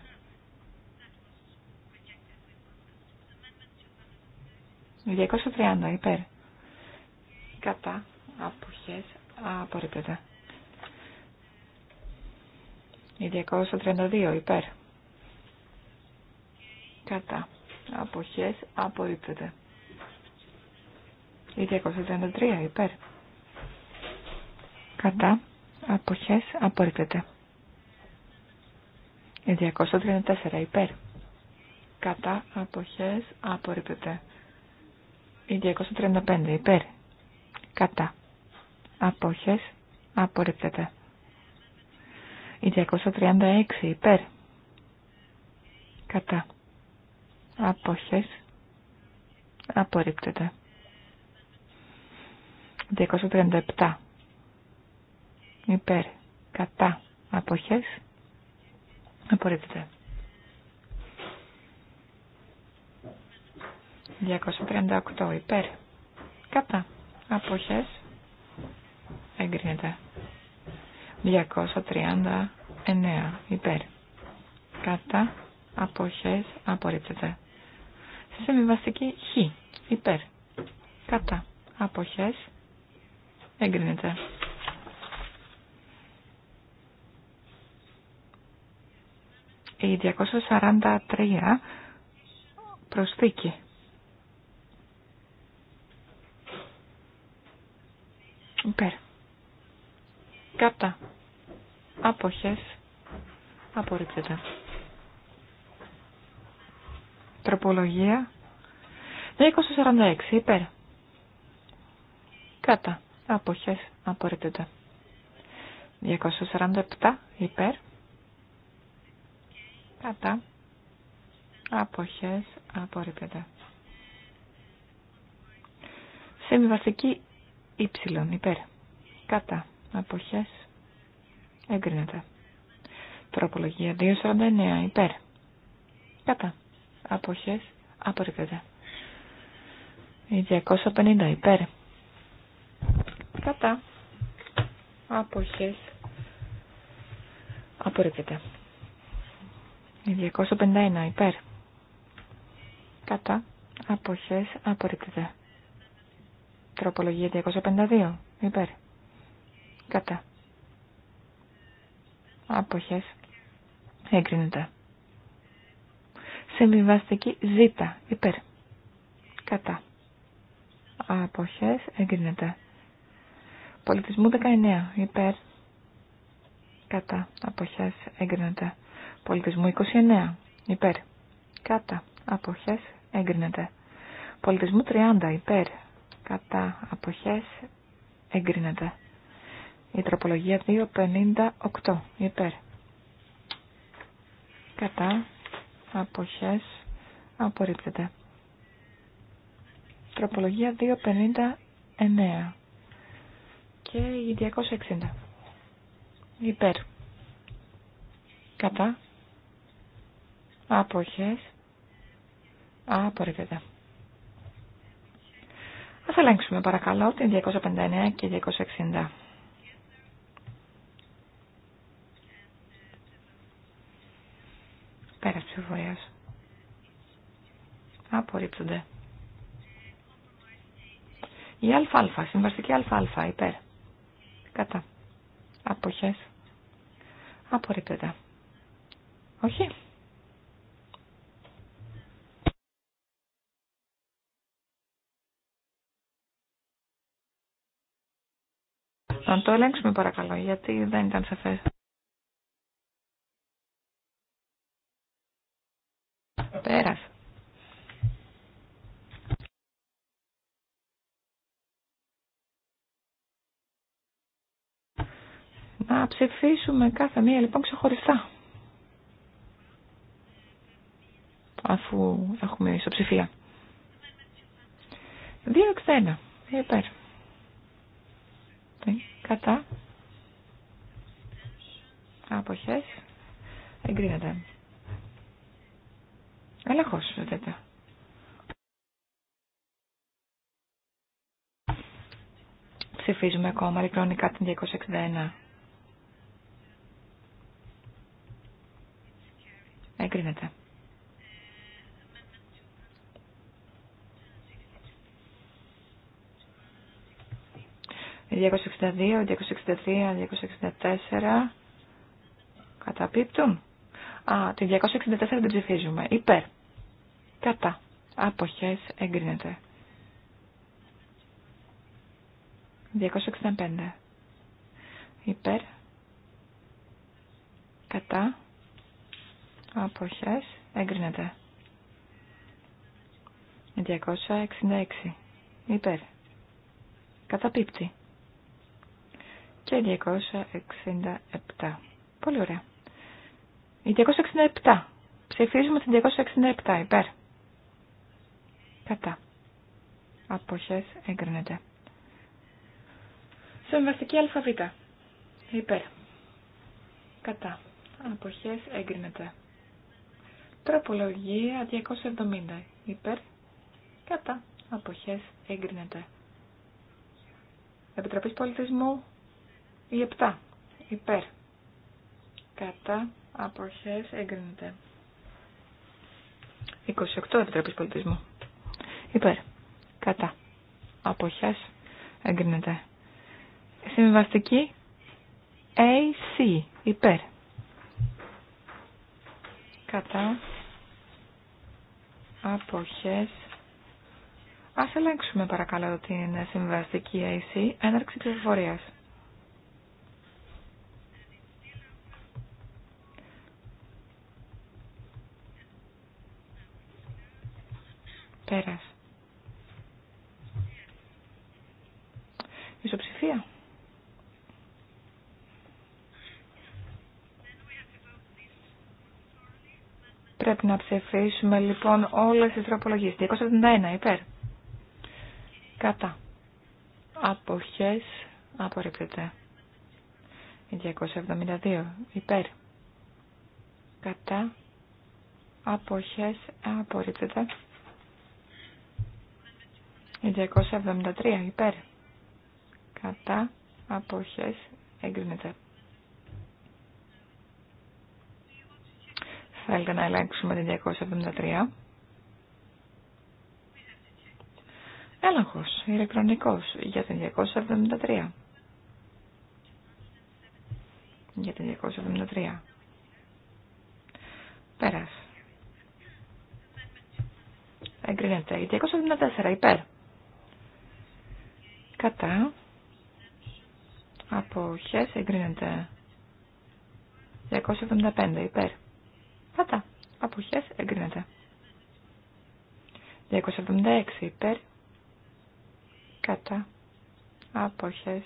Η 230 υπέρ κατά αποχές απορρίπτεται. Η 232 υπέρ κατά αποχές απορρίπτεται. Η 233 υπέρ κατά αποχές απορρίπτεται. Η 234 υπέρ κατά αποχές απορρίπτεται. Η 235 υπέρ Κατά. Απόχες. Απορρίπτεται. Η 236 υπέρ. Κατά. Απόχες. Απορρίπτεται. 237. Υπέρ. Κατά. Απόχες. Απορρίπτεται. 238 υπέρ. Κατά. Αποχές. Εγκρίνεται. 239 υπέρ. Κατά. Αποχές. Απορρίπτεται. Συμβιβαστική χ. Υπέρ. Κατά. Αποχές. Εγκρίνεται. Η 243 προσθήκη Υπέρ. Κατά. Αποχές. Απορρίπτεται. Τροπολογία. 246. Υπέρ. Κατά. Αποχές. Απορρίπτεται. 247. Υπέρ. Κατά. Αποχές. Απορρίπτεται. Συμβιβαστική Υψηλόν υπέρ. Κατά. Αποχές. Εγκρίνεται. Τροπολογία 249 υπέρ. Κατά. Αποχές. Απορρίπτεται. 250 υπέρ. Κατά. Αποχές. Απορρίπτεται. 251 υπέρ. Κατά. Αποχές. Απορρίπτεται. Τροπολογία 252. Υπέρ. Κατά. Αποχές. Έγκρινεται. Συμβιβαστική ζήτα, Υπέρ. Κατά. Αποχές. Έγκρινεται. Πολιτισμού 19. Υπέρ. Κατά. Αποχές. Έγκρινεται. Πολιτισμού 29. Υπέρ. Κατά. Αποχές. Έγκρινεται. Πολιτισμού 30. Υπέρ κατά αποχές εγκρίνεται. Η τροπολογία 258 υπέρ. Κατά αποχές απορρίπτεται. Τροπολογία 259 και η 260 υπέρ. Κατά αποχές απορρίπτεται. Θα ελέγξουμε παρακαλώ την 259 και 260. Πέρα ψηφοφορία. Απορρίπτονται. Η αλφα-αλφα. συμβαστική Υπέρ. υπέρ. Κατά. Αποχές. Απορρίπτονται. Όχι. να το ελέγξουμε παρακαλώ, γιατί δεν ήταν σαφές. Πέρασε. Να ψηφίσουμε κάθε μία λοιπόν ξεχωριστά. Αφού έχουμε ισοψηφία. Δύο εξένα. Υπέρ. Κατά. Αποχές. Εγκρίνεται. Έλεγχος, βέβαια. Ψηφίζουμε ακόμα ηλεκτρονικά την 261. Εγκρίνεται. 262, 263, 264 καταπίπτουν. Α, τη 264 δεν ψηφίζουμε. Υπέρ. Κατά. Αποχές εγκρίνεται. 265. Υπέρ. Κατά. Αποχές εγκρίνεται. 266. Υπέρ. Καταπίπτει και 267. Πολύ ωραία. Η 267. Ψηφίζουμε την 267 υπέρ. Κατά. Αποχές εγκρίνεται. Συμβαστική αλφαβήτα. Υπέρ. Κατά. Αποχές εγκρίνεται. Τροπολογία 270. Υπέρ. Κατά. Αποχές εγκρίνεται. Επιτροπής Πολιτισμού η 7 υπέρ κατά αποχές εγκρίνεται. 28 Επιτροπής Πολιτισμού. Υπέρ. Κατά. Αποχές εγκρίνεται. Συμβαστική AC. Υπέρ. Κατά. Αποχές. Ας ελέγξουμε παρακαλώ την συμβαστική AC έναρξη ψηφοφορίας. Πέρας. Ισοψηφία. Πρέπει να ψηφίσουμε λοιπόν όλες τις τροπολογίες. 271 υπέρ. Κατά. Αποχές απορρίπτεται. 272 υπέρ. Κατά. Αποχές απορρίπτεται. Η 273 υπέρ. Κατά αποχές εγκρίνεται. Θέλετε να ελέγξουμε την 273. Έλεγχος ηλεκτρονικός για την 273. Για την 273. Πέρας. Εγκρίνεται. Η 274 υπέρ. Κατά. Αποχές εγκρίνεται. 275 υπέρ. Κατά. Αποχές εγκρίνεται. 276 υπέρ. Κατά. Αποχές.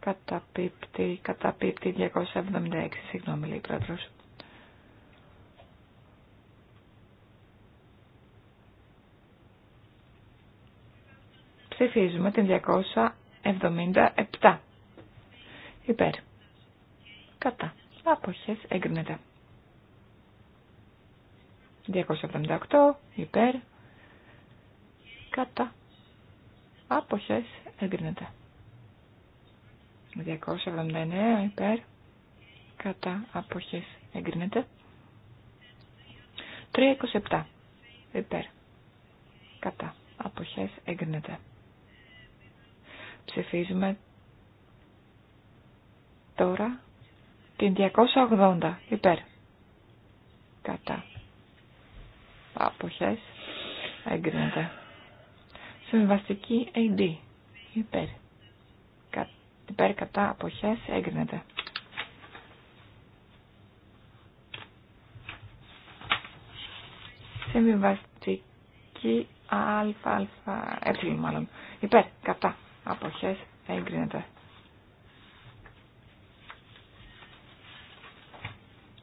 Καταπίπτει, καταπίπτει 276, συγγνώμη λέει πρόεδρος. Ψηφίζουμε την 277. Υπέρ. Κατά. Αποχές έγκρινεται. 278. Υπέρ. Κατά. Αποχές έγκρινεται. 279. Υπέρ. Κατά. Αποχές έγκρινεται. 327. Υπέρ. Κατά. Αποχές έγκρινεται. Ψηφίζουμε τώρα την 280 υπέρ. Κατά. Αποχές. Έγκρινεται. Συμβαστική AD. Υπέρ. Κα, υπέρ κατά αποχές έγκρινεται. Συμβαστική αλφα αλφα ε, μάλλον. Υπέρ κατά αποχές εγκρίνεται.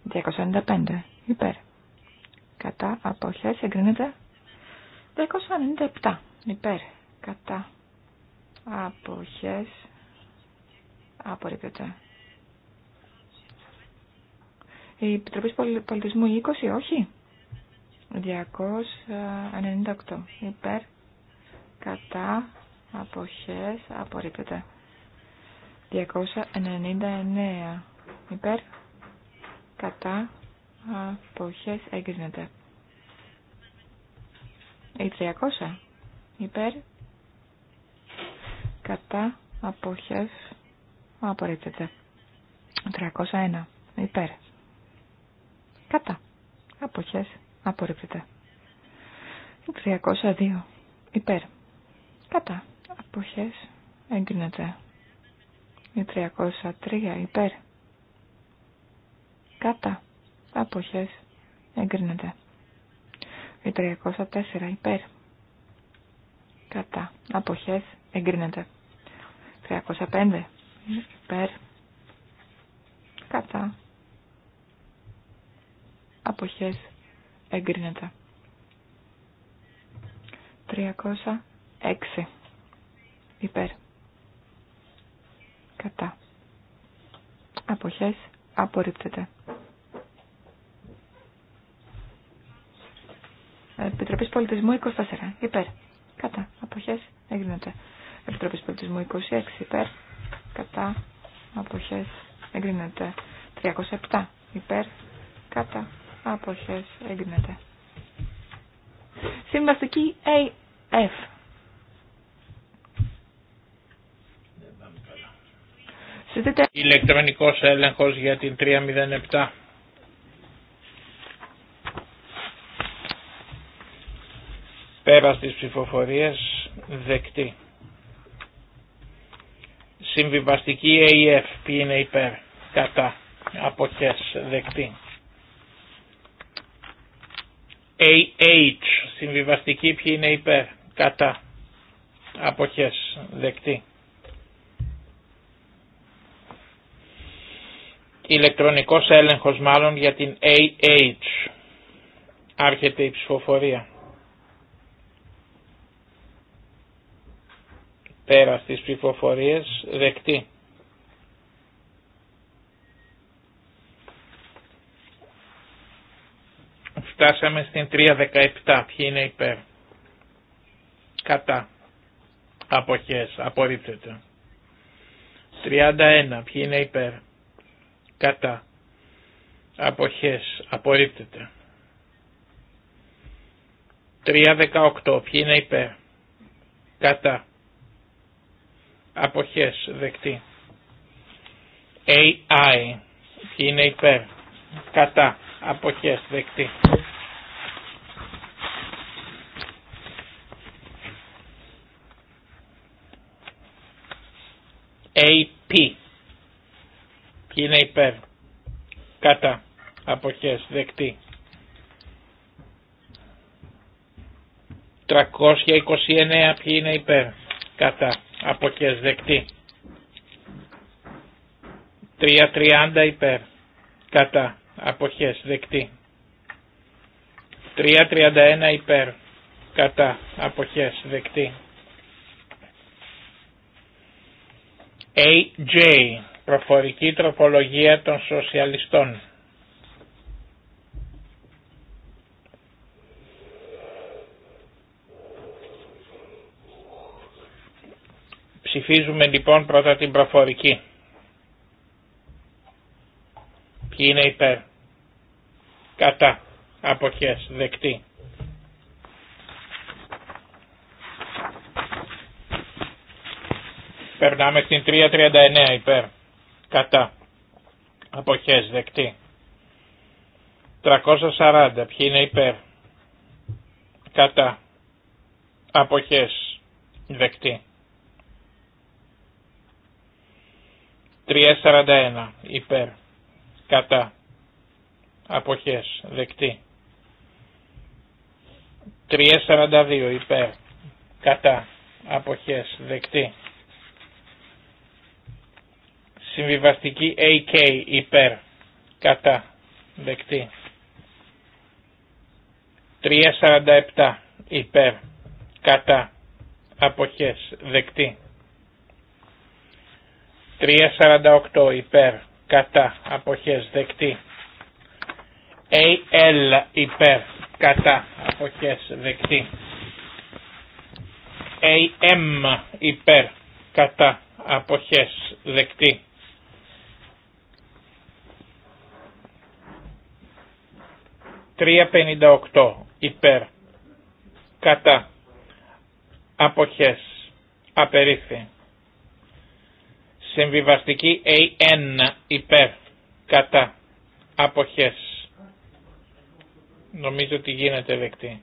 295 υπέρ. Κατά αποχές εγκρίνεται. 297 υπέρ. Κατά αποχές απορρίπτεται. Η Επιτροπή Πολιτισμού 20, όχι. 298 υπέρ. Κατά αποχές απορρίπτεται 299 υπέρ κατά αποχές έγκρινεται ή 300 υπέρ κατά αποχές απορρίπτεται 301 υπέρ κατά αποχές απορρίπτεται 302 υπέρ κατά αποχές έγκρινεται. Η 303 υπέρ κατά αποχές έγκρινεται. Η 304 υπέρ κατά αποχές εγκρίνεται. 305 υπέρ κατά αποχές εγκρίνεται. 306 υπέρ κατά αποχές απορρίπτεται Επιτροπής Πολιτισμού 24 υπέρ κατά αποχές εγκρίνεται Επιτροπής Πολιτισμού 26 υπέρ κατά αποχές εγκρίνεται 307 υπέρ κατά αποχές εγκρίνεται Συμβαστική AF Ηλεκτρονικός έλεγχος για την 307. Πέρα στις ψηφοφορίες δεκτή. Συμβιβαστική AF, ποιοι είναι υπέρ, κατά, αποχές, δεκτή. AH, συμβιβαστική ποιοι είναι υπέρ, κατά, αποχές, δεκτή. ηλεκτρονικός έλεγχος μάλλον για την AH. Άρχεται η ψηφοφορία. Πέρα στις ψηφοφορίες δεκτή. Φτάσαμε στην 317. Ποιοι είναι υπέρ. Κατά. Αποχές. Απορρίπτεται. 31. Ποιοι είναι υπέρ κατά αποχές απορρίπτεται. 3.18 ποιοι είναι υπέρ κατά αποχές δεκτή. AI ποιοι είναι υπέρ κατά αποχές δεκτή. AP Ποιοι είναι υπέρ. Κατά. Αποχές. Δεκτή. 329. Ποιοι είναι υπέρ. Κατά. Αποχές. Δεκτή. 330 υπέρ. Κατά. Αποχές. Δεκτή. 331 υπέρ. Κατά. Αποχές. Δεκτή. AJ Προφορική τροπολογία των σοσιαλιστών. Ψηφίζουμε λοιπόν πρώτα την προφορική. Ποιοι είναι υπέρ. Κατά. Αποχές. Δεκτή. Περνάμε στην 339 υπέρ κατά αποχές δεκτή. 340 ποιοι είναι υπέρ κατά αποχές δεκτή. 341 υπέρ κατά αποχές δεκτή. 342 υπέρ κατά αποχές δεκτή. Συμβιβαστική AK υπέρ. Κατά. Δεκτή. 347 υπέρ. Κατά. Αποχές. Δεκτή. 348 υπέρ. Κατά. Αποχές. Δεκτή. AL υπέρ. Κατά. Αποχές. Δεκτή. AM υπέρ κατά αποχές δεκτή. 358 υπέρ κατά αποχές απερίφθη. Συμβιβαστική AN υπέρ κατά αποχές. Νομίζω ότι γίνεται δεκτή.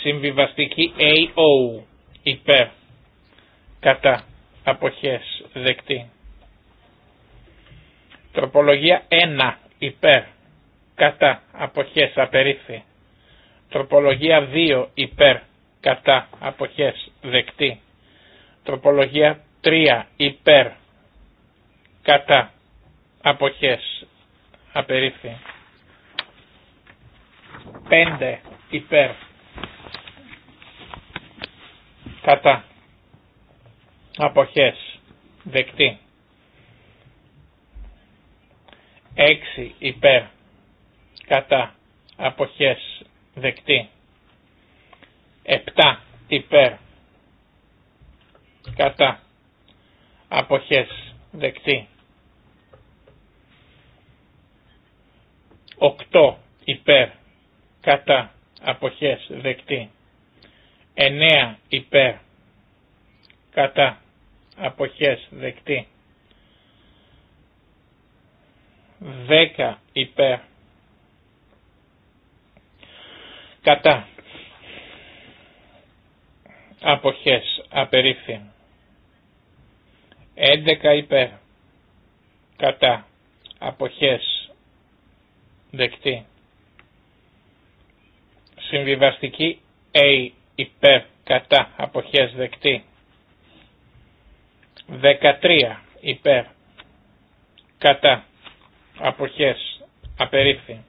Συμβιβαστική AO υπέρ κατά αποχές δεκτή. Τροπολογία 1 υπέρ κατά αποχές απερίφθη. Τροπολογία 2 υπέρ κατά αποχές δεκτή. Τροπολογία 3 υπέρ κατά αποχές απερίφθη. 5 υπέρ κατά αποχές δεκτή 6 υπέρ κατά αποχές δεκτή 7 υπέρ κατά αποχές δεκτή 8 υπέρ κατά αποχές δεκτή 9 υπέρ κατά αποχές δεκτή Δέκα υπέρ κατά αποχές απερίφθη Έντεκα υπέρ κατά αποχές δεκτή συμβιβαστική A υπέρ κατά αποχές δεκτή Δεκατρία υπέρ κατά αποχές, απερίφθη.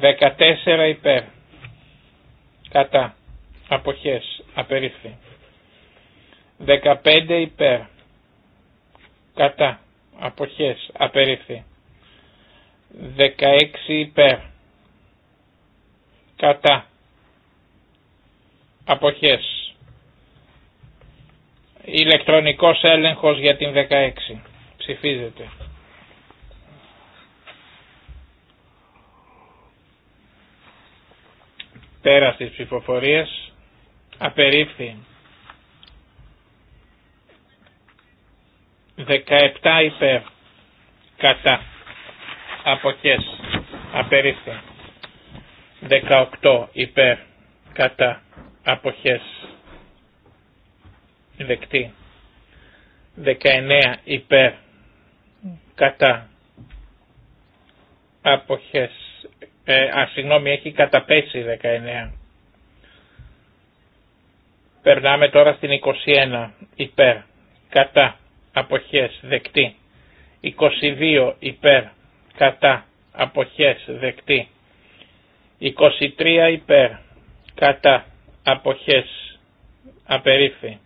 14 υπέρ, κατά, αποχές, απερίφθη. 15 υπέρ, κατά, αποχές, απερίφθη. 16 υπέρ, κατά, αποχές. Ηλεκτρονικός έλεγχος για την 16. Ψηφίζεται. Πέρα της ψηφοφορίας απερίφθη. 17 υπέρ κατά αποχές απερίφθη. 18 υπέρ κατά αποχές δεκτή. 19 υπέρ κατά αποχές ε, α, συγγνώμη, έχει καταπέσει 19. Περνάμε τώρα στην 21. Υπέρ. Κατά. Αποχές. Δεκτή. 22. Υπέρ. Κατά. Αποχές. Δεκτή. 23. Υπέρ. Κατά. Αποχές. Απερίφη.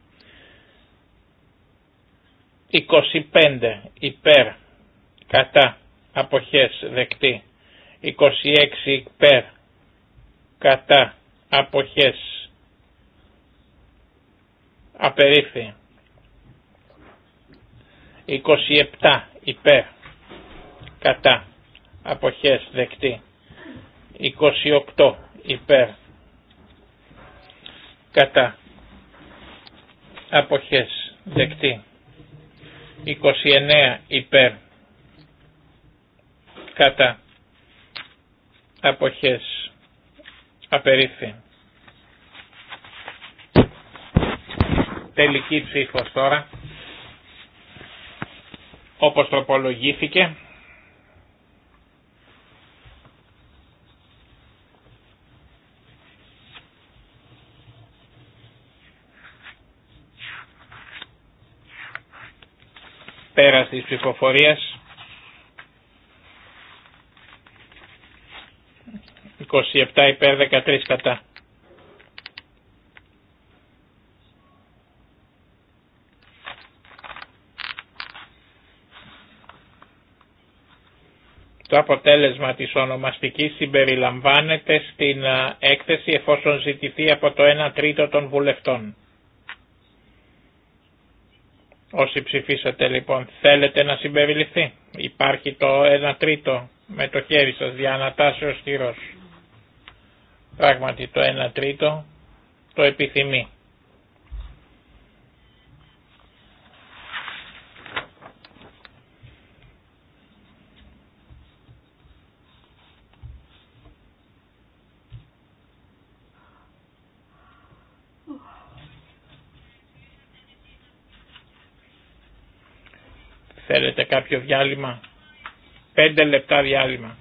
25. Υπέρ. Κατά. Αποχές. Δεκτή. 26 υπέρ κατά αποχές απερίφη 27 υπέρ κατά αποχές δεκτή 28 υπέρ κατά αποχές δεκτή 29 υπέρ κατά αποχές απερίφθη. Τελική ψήφος τώρα, όπως τροπολογήθηκε. Πέρας της ψηφοφορίας 27 υπέρ 13 κατά. Το αποτέλεσμα της ονομαστικής συμπεριλαμβάνεται στην έκθεση εφόσον ζητηθεί από το 1 τρίτο των βουλευτών. Όσοι ψηφίσατε λοιπόν θέλετε να συμπεριληφθεί. Υπάρχει το 1 τρίτο με το χέρι σας διανατάσεως χειρός. Πράγματι το 1 τρίτο το επιθυμεί. Θέλετε κάποιο διάλειμμα. Πέντε λεπτά διάλειμμα.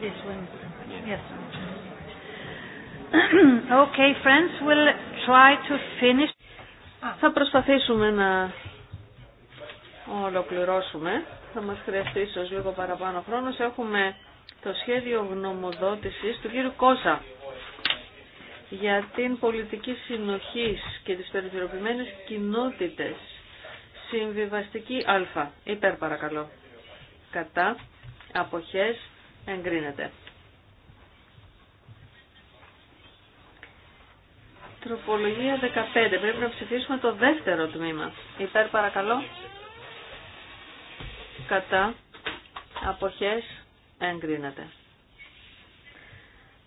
Yes. Okay, friends, we'll try to finish. Ah. Θα προσπαθήσουμε να ολοκληρώσουμε. Θα μας χρειαστεί ίσω λίγο παραπάνω χρόνος. Έχουμε το σχέδιο γνωμοδότησης του κύριου Κόσα για την πολιτική συνοχής και τις περιφερειοποιημένες κοινότητες. Συμβιβαστική Α. Υπέρ παρακαλώ. Κατά. Αποχές εγκρίνεται. Τροπολογία 15. Πρέπει να ψηφίσουμε το δεύτερο τμήμα. Υπέρ παρακαλώ. Κατά. Αποχές. Εγκρίνεται.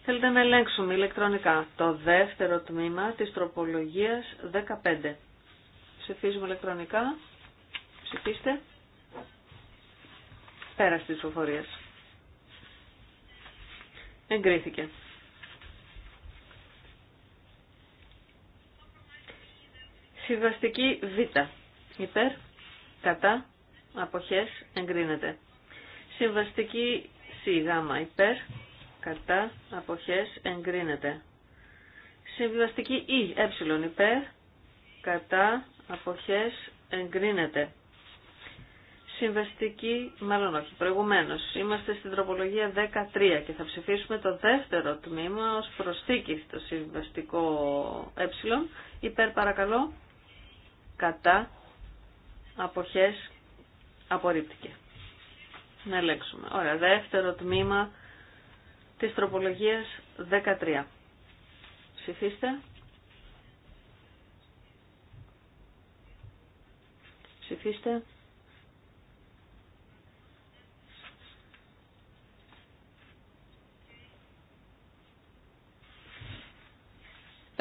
Θέλετε να ελέγξουμε ηλεκτρονικά το δεύτερο τμήμα της τροπολογίας 15. Ψηφίζουμε ηλεκτρονικά. Ψηφίστε. Πέρα της ψηφοφορίας. Εγκρίθηκε. Συμβαστική Β. Υπέρ, κατά, αποχές, εγκρίνεται. Συμβαστική Σ. Γ. Υπέρ, κατά, αποχές, εγκρίνεται. Συμβαστική Ι, ε, υπέρ, κατά, αποχές, εγκρίνεται. Συμβαστική, μάλλον όχι, προηγουμένω. Είμαστε στην τροπολογία 13 και θα ψηφίσουμε το δεύτερο τμήμα ως προσθήκη στο συμβαστικό ε. Υπέρ παρακαλώ, κατά, αποχές, απορρίπτηκε. Να ελέγξουμε. Ωραία, δεύτερο τμήμα της τροπολογία 13. Ψηφίστε. Ψηφίστε.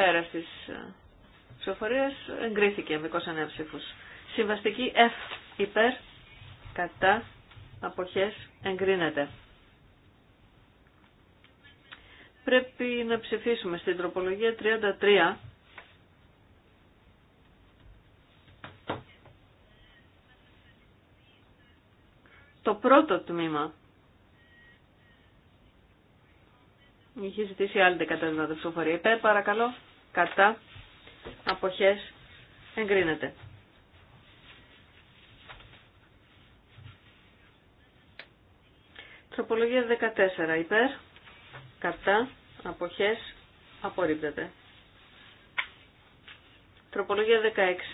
Πέρα τη ε, ψηφοφορία εγκρίθηκε με 29 ψήφου. Συμβαστική F υπέρ κατά αποχές εγκρίνεται. Πρέπει να ψηφίσουμε στην τροπολογία 33 το πρώτο τμήμα. Είχε ζητήσει άλλη το ψηφοφορία. Υπέρ, παρακαλώ κατά αποχές εγκρίνεται. Τροπολογία 14 υπέρ, κατά, αποχές, απορρίπτεται. Τροπολογία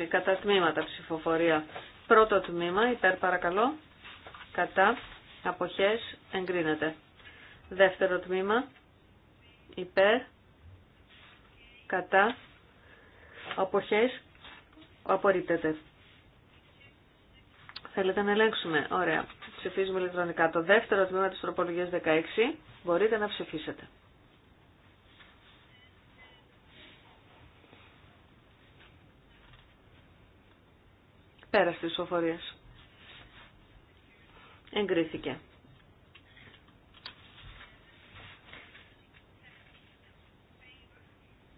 16, κατά τμήματα ψηφοφορία. Πρώτο τμήμα, υπέρ παρακαλώ, κατά, αποχές, εγκρίνεται. Δεύτερο τμήμα, υπέρ, κατά, αποχές, απορρίπτεται. Θέλετε να ελέγξουμε. Ωραία. Ψηφίζουμε ηλεκτρονικά. Το δεύτερο τμήμα της τροπολογίας 16 μπορείτε να ψηφίσετε. Πέρα στις οφορίες. Εγκρίθηκε.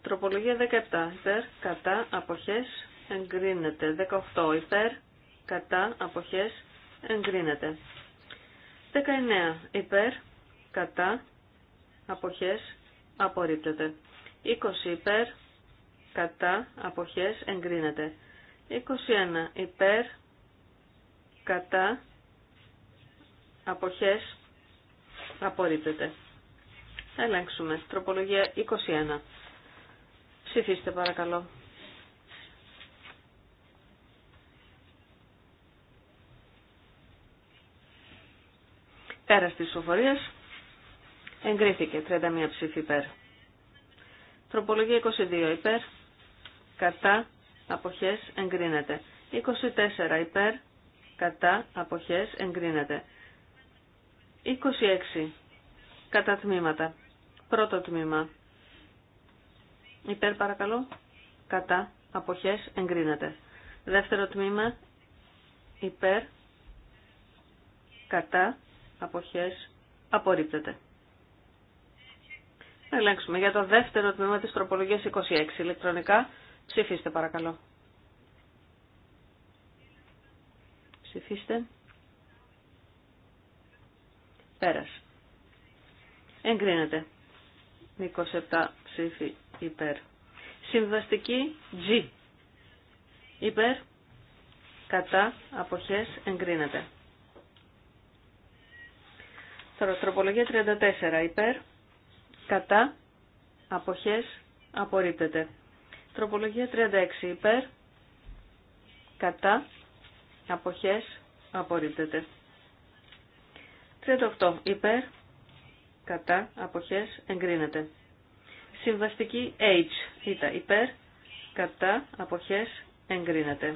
Τροπολογία 17 υπέρ, κατά, αποχές, εγκρίνεται. 18 υπέρ, κατά, αποχές, εγκρίνεται. 19 υπέρ, κατά, αποχές, απορρίπτεται. 20 υπέρ, κατά, αποχές, εγκρίνεται. 21 υπέρ, κατά, αποχές, απορρίπτεται. Ελέγξουμε. Τροπολογία 21. Ψηφίστε παρακαλώ. Πέρα της ψηφοφορίας εγκρίθηκε 31 ψήφι υπέρ. Τροπολογία 22 υπέρ, κατά, αποχές, εγκρίνεται. 24 υπέρ, κατά, αποχές, εγκρίνεται. 26 κατά τμήματα. Πρώτο τμήμα Υπέρ παρακαλώ. Κατά. Αποχές εγκρίνεται. Δεύτερο τμήμα. Υπέρ. Κατά. Αποχές απορρίπτεται. Ελέγξουμε για το δεύτερο τμήμα της τροπολογίας 26 ηλεκτρονικά. Ψηφίστε παρακαλώ. Ψηφίστε. Πέρας. Εγκρίνεται. 27 ψήφι υπέρ. Συμβαστική G υπέρ, κατά, αποχές, εγκρίνεται. τροπολογία 34 υπέρ, κατά, αποχές, απορρίπτεται. Τροπολογία 36 υπέρ, κατά, αποχές, απορρίπτεται. 38 υπέρ, κατά, αποχές, εγκρίνεται. Συμβαστική H υπέρ, κατά, αποχές, εγκρίνεται.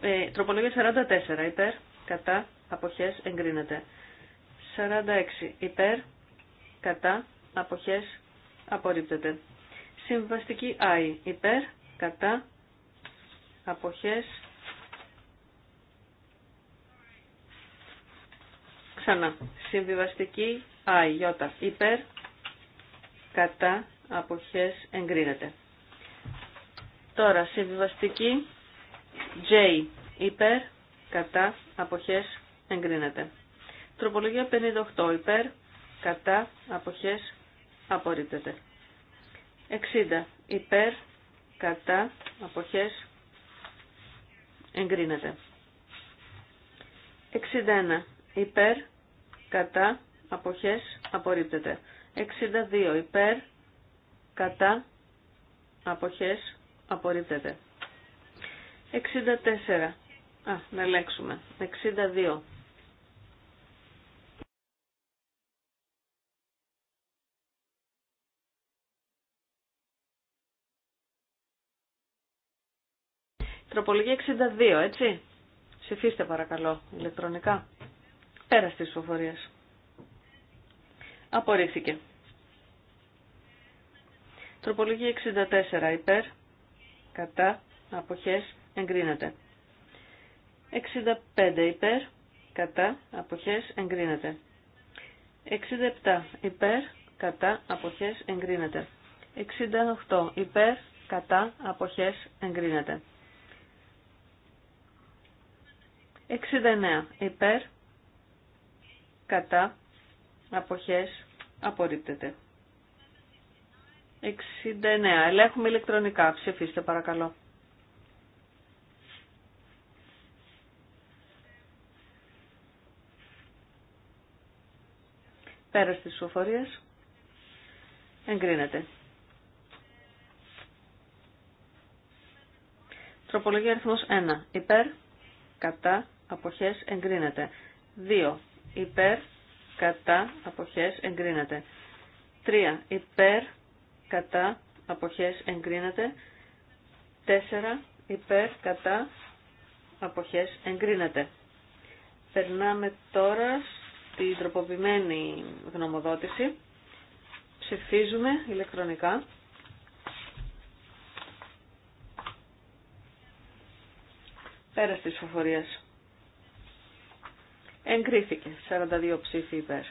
Ε, τροπολογία 44 υπέρ, κατά, αποχές, εγκρίνεται. 46 υπέρ, κατά, αποχές, απορρίπτεται. Συμβαστική I υπέρ, κατά, αποχές, ξανά. Συμβιβαστική I, υπέρ, κατά αποχές εγκρίνεται. Τώρα συμβιβαστική J υπέρ κατά αποχές εγκρίνεται. Τροπολογία 58 υπέρ κατά αποχές απορρίπτεται. 60 υπέρ κατά αποχές εγκρίνεται. 61 υπέρ κατά αποχές απορρίπτεται. 62 υπέρ, κατά, αποχές, απορρίπτεται. 64. Α, να ελέγξουμε. 62. Τροπολογία 62, έτσι. Ψηφίστε παρακαλώ ηλεκτρονικά. Πέρα τη Απορρίφθηκε. Τροπολογία 64 υπέρ, κατά, αποχές, εγκρίνεται. 65 υπέρ, κατά, αποχές, εγκρίνεται. 67 υπέρ, κατά, αποχές, εγκρίνεται. 68 υπέρ, κατά, αποχές, εγκρίνεται. 69 υπέρ, κατά, αποχές απορρίπτεται. 69. Ελέγχουμε ηλεκτρονικά. Ψηφίστε παρακαλώ. Πέρα στις ψηφοφορίες. Εγκρίνεται. Τροπολογία αριθμός 1. Υπέρ, κατά, αποχές, εγκρίνεται. 2. Υπέρ, κατά αποχές εγκρίνεται. 3. Υπέρ κατά αποχές εγκρίνεται. 4. Υπέρ κατά αποχές εγκρίνεται. Περνάμε τώρα στην τροποποιημένη γνωμοδότηση. Ψηφίζουμε ηλεκτρονικά. Πέρα της ψηφοφορίας. Εγκρίθηκε. 42 ψήφοι υπέρ.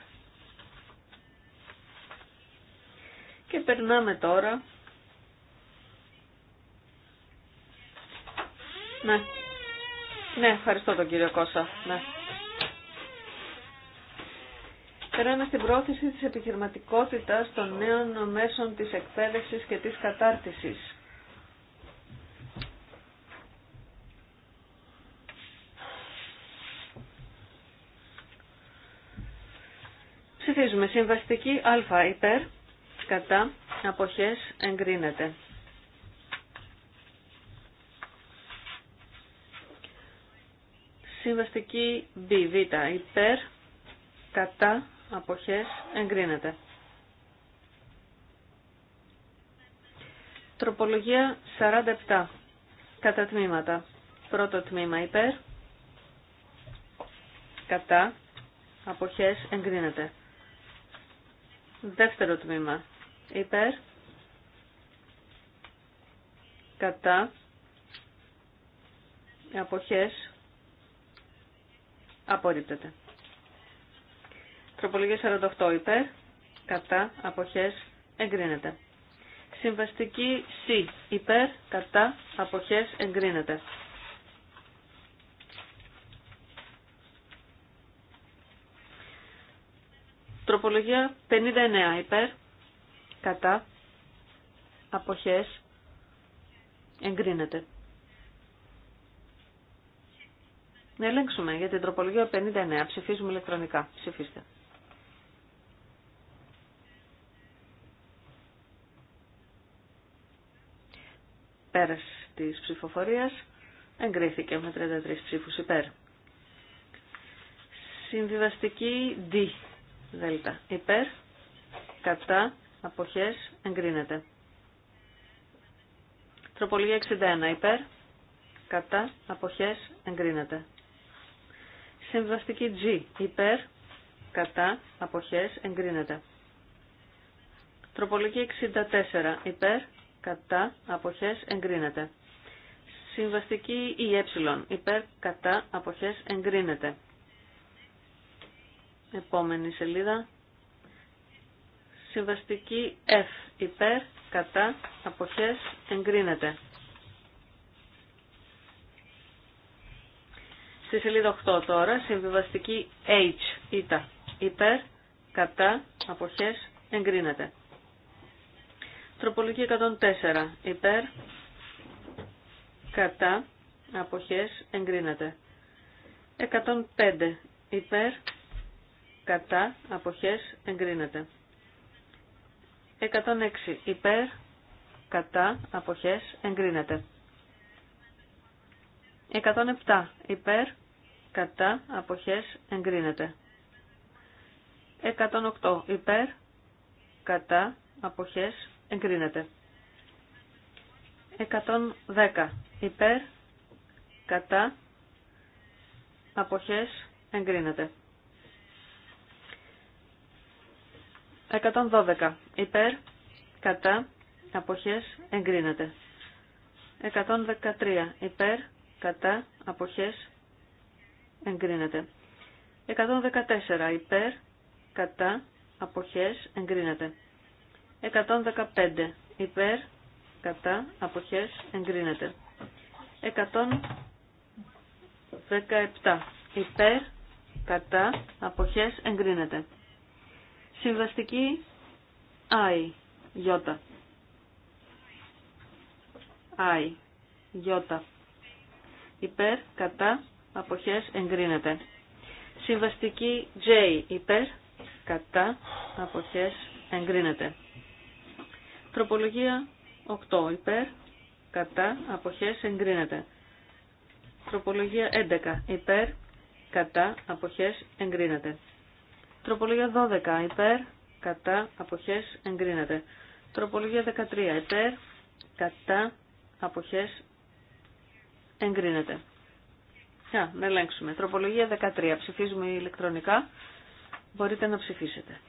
Και περνάμε τώρα. Ναι. Ναι, ευχαριστώ τον κύριο Κώσα. Ναι. Περάμε στην πρόθεση της επιχειρηματικότητας των νέων μέσων της εκπαίδευσης και της κατάρτισης. με Συμβαστική α υπέρ, κατά, αποχές, εγκρίνεται. Συμβαστική β, β υπέρ, κατά, αποχές, εγκρίνεται. Τροπολογία 47. Κατά τμήματα. Πρώτο τμήμα υπέρ. Κατά. Αποχές εγκρίνεται. Δεύτερο τμήμα. Υπέρ. Κατά. Αποχές. Απορρίπτεται. Τροπολογία 48 υπέρ. Κατά. Αποχές. Εγκρίνεται. Συμβαστική C. Υπέρ. Κατά. Αποχές. Εγκρίνεται. Τροπολογία 59 υπέρ, κατά, αποχές, εγκρίνεται. Να ελέγξουμε για την τροπολογία 59. Ψηφίζουμε ηλεκτρονικά. Ψηφίστε. Πέρας της ψηφοφορίας εγκρίθηκε με 33 ψήφους υπέρ. Συμβιβαστική D δέλτα. Υπέρ, κατά, αποχές, εγκρίνεται. Τροπολογία 61. Υπέρ, κατά, αποχές, εγκρίνεται. Συμβαστική G. Υπέρ, κατά, αποχές, εγκρίνεται. Τροπολογία 64. Υπέρ, κατά, αποχές, εγκρίνεται. Συμβαστική ΙΕ. E Υπέρ, κατά, αποχές, εγκρίνεται. Επόμενη σελίδα. Συμβαστική F υπέρ, κατά, αποχές, εγκρίνεται. Στη σελίδα 8 τώρα, Συμβαστική H, ήτα, υπέρ, κατά, αποχές, εγκρίνεται. Τροπολογία 104, υπέρ, κατά, αποχές, εγκρίνεται. 105, υπέρ, κατά αποχές εγκρίνεται. 106 υπέρ κατά αποχές εγκρίνεται. 107 υπέρ κατά αποχές εγκρίνεται. 108 υπέρ κατά αποχές εγκρίνεται. 110 υπέρ κατά αποχές εγκρίνεται. 112. Υπέρ, κατά, αποχές, εγκρίνεται. 113. Υπέρ, κατά, αποχές, εγκρίνεται. 114. Υπέρ, κατά, αποχές, εγκρίνεται. 115. Υπέρ, κατά, αποχές, εγκρίνεται. 117. Υπέρ, κατά, αποχές, εγκρίνεται. Συμβαστική I, Ι. I, Ι. Υπέρ, κατά, αποχές, εγκρίνεται. Συμβαστική J, υπέρ, κατά, αποχές, εγκρίνεται. Τροπολογία 8, υπέρ, κατά, αποχές, εγκρίνεται. Τροπολογία 11, υπέρ, κατά, αποχές, εγκρίνεται. Τροπολογία 12 υπέρ, κατά, αποχές, εγκρίνεται. Τροπολογία 13 υπέρ, κατά, αποχές, εγκρίνεται. να ελέγξουμε. Τροπολογία 13. Ψηφίζουμε ηλεκτρονικά. Μπορείτε να ψηφίσετε.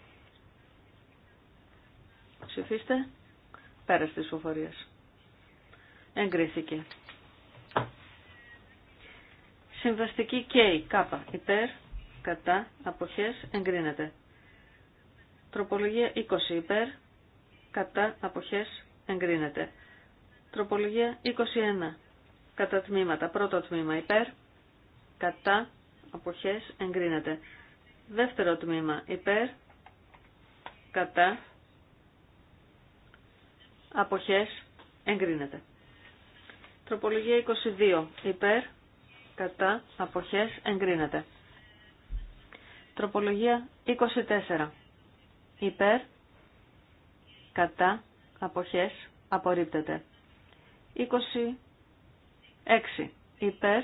Ψηφίστε. Πέρας της ψηφοφορίας. Εγκρίθηκε. Συμβαστική K, κάπα, υπέρ, κατά, αποχές, εγκρίνεται. Τροπολογία 20 υπέρ, κατά, αποχές, εγκρίνεται. Τροπολογία 21, κατά τμήματα, πρώτο τμήμα υπέρ, κατά, αποχές, εγκρίνεται. Δεύτερο τμήμα υπέρ, κατά, αποχές, εγκρίνεται. Τροπολογία 22, υπέρ, κατά, αποχές, εγκρίνεται. Τροπολογία 24. Υπέρ, κατά, αποχές, απορρίπτεται. 26. Υπέρ,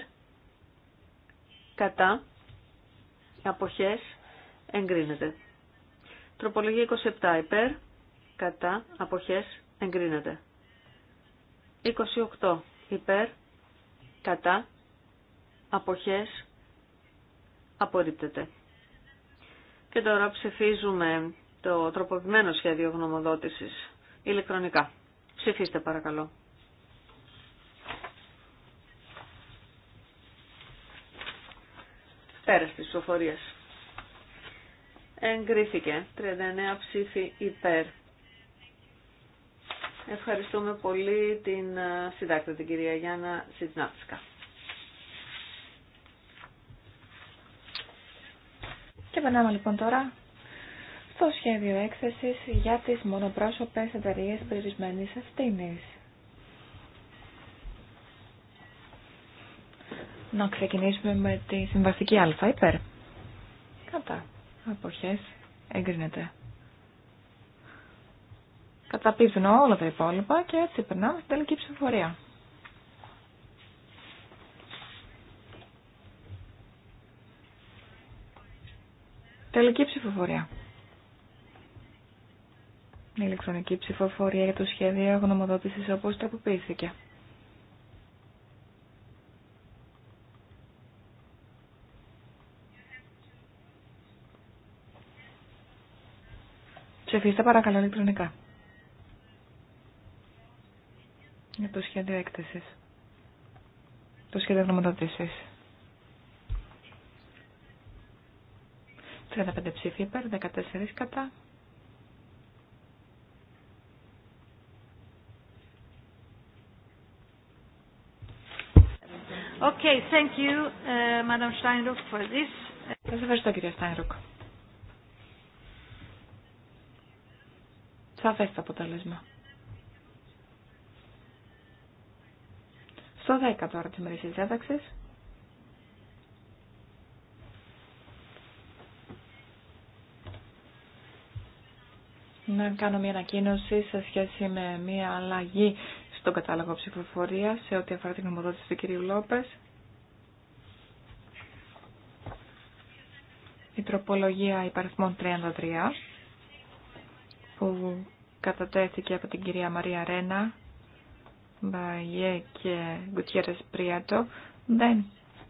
κατά, αποχές, εγκρίνεται. Τροπολογία 27. Υπέρ, κατά, αποχές, εγκρίνεται. 28. Υπέρ, κατά, αποχές, απορρίπτεται. Και τώρα ψηφίζουμε το τροποποιημένο σχέδιο γνωμοδότησης ηλεκτρονικά. Ψηφίστε παρακαλώ. Πέρας της ψηφοφορίας. Εγκρίθηκε 39 ψήφοι υπέρ. Ευχαριστούμε πολύ την ε, συντάκτη την κυρία Γιάννα Σιτνάφσκα. Και περνάμε λοιπόν τώρα στο σχέδιο έκθεσης για τις μονοπρόσωπες εταιρείε περιορισμένης ευθύνης. Να ξεκινήσουμε με τη συμβαστική α υπέρ. Κατά. Αποχές εγκρίνεται. Καταπίπτουν όλα τα υπόλοιπα και έτσι περνάμε στην τελική ψηφοφορία. Τελική ψηφοφορία. Η ηλεκτρονική ψηφοφορία για το σχέδιο γνωμοδότησης όπως τροποποιήθηκε. Ψηφίστε παρακαλώ ηλεκτρονικά. Για το σχέδιο έκθεσης. Το σχέδιο γνωμοδότησης. 35 ψήφοι υπέρ, 14 κατά. Okay, thank you, uh, Madam Steinruck, for this. Σας ευχαριστώ, κυρία Στάινρουκ. Σαφές το αποτέλεσμα. Στο 10 τώρα της μερικής διάταξης. να κάνω μια ανακοίνωση σε σχέση με μια αλλαγή στον κατάλογο ψηφοφορία σε ό,τι αφορά την νομοδότηση του κ. Λόπε. Η τροπολογία υπαριθμών 33 που κατατέθηκε από την κυρία Μαρία Ρένα, Μπαγιέ και Γκουτιέρες Πριάτο δεν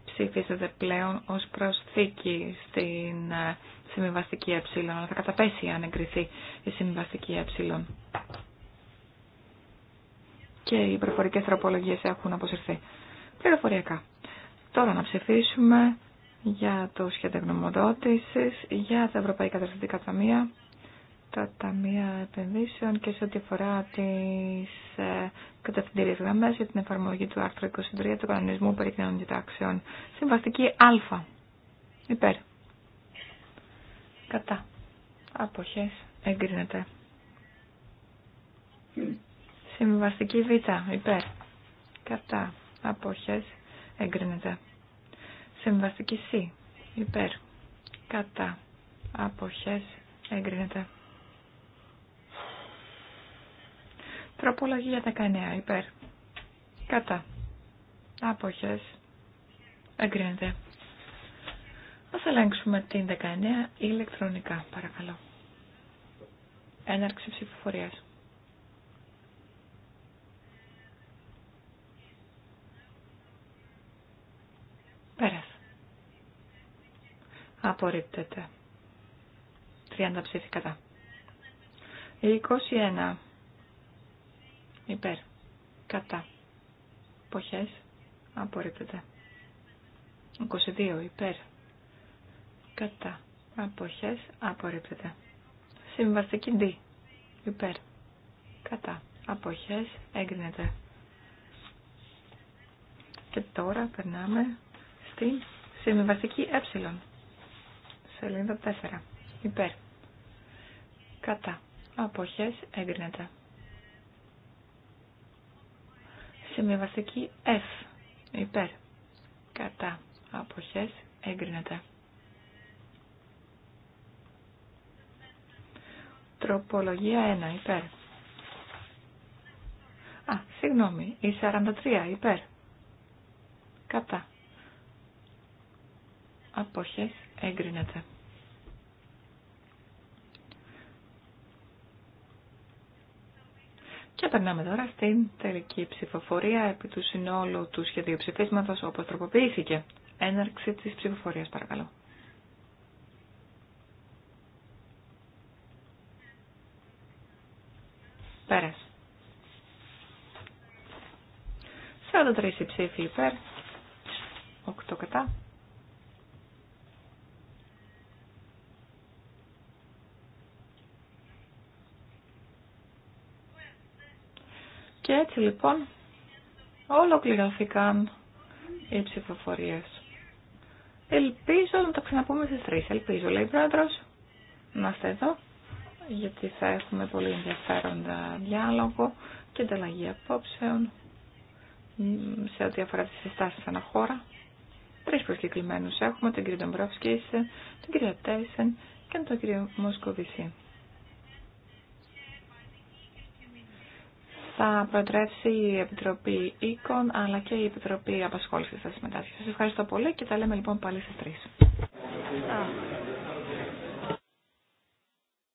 ψηφίζεται πλέον ως προσθήκη στην ε, συμβιβαστική ε, θα καταπέσει αν εγκριθεί η συμβιβαστική ε. Και οι προφορικές τροπολογίες έχουν αποσυρθεί πληροφοριακά. Τώρα να ψηφίσουμε για το σχέδιο γνωμοδότησης, για τα Ευρωπαϊκά Δραστηριακά Ταμεία, τα Ταμεία Επενδύσεων και σε ό,τι αφορά τις ε, κατευθυντήριες γραμμές για την εφαρμογή του άρθρου 23 του κανονισμού περί κοινωνικών Συμβαστική Α. Υπέρ. Κατά. Αποχές. Εγκρίνεται. Συμβαστική Β. Υπέρ. Κατά. Αποχές. Εγκρίνεται. Συμβαστική Σ. Υπέρ. Κατά. Αποχές. Εγκρίνεται. Τροπολογία 19. Υπέρ. Κατά. Αποχές. Εγκρίνεται. Ας ελέγξουμε την 19 ηλεκτρονικά, παρακαλώ. Έναρξη ψηφοφορίας. Πέρασε. Απορρίπτεται. 30 ψήφι κατά. 21. Υπέρ. Κατά. Ποχές. Απορρίπτεται. 22. Υπέρ κατά αποχές απορρίπτεται. Συμβαστική D υπέρ κατά αποχές έγκρινεται. Και τώρα περνάμε στην συμβαστική ε σελίδα 4 υπέρ κατά αποχές έγκρινεται. Συμβαστική F υπέρ κατά αποχές έγκρινεται. Τροπολογία 1 υπέρ. Α, συγγνώμη, η 43 υπέρ. Κατά. Απόχες εγκρίνεται. Και περνάμε τώρα στην τελική ψηφοφορία επί του συνόλου του σχεδίου ψηφίσματος όπως τροποποιήθηκε. Έναρξη της ψηφοφορίας παρακαλώ. πέρασε. 43 ψήφοι υπέρ. 8 κατά. Και έτσι λοιπόν ολοκληρώθηκαν οι ψηφοφορίε. Ελπίζω να τα ξαναπούμε στι 3. Ελπίζω, λέει η πρόεδρο, Να είστε εδώ γιατί θα έχουμε πολύ ενδιαφέροντα διάλογο και ανταλλαγή απόψεων σε ό,τι αφορά τις συστάσεις χώρα. Τρεις προσκεκλημένους έχουμε, τον κύριο Ντομπρόφσκης, τον κύριο Τέισεν και τον κύριο Μοσκοβισή. Θα προτρέψει η Επιτροπή Οίκων αλλά και η Επιτροπή Απασχόλησης θα συμμετάσχει. Σας ευχαριστώ πολύ και τα λέμε λοιπόν πάλι στις τρει.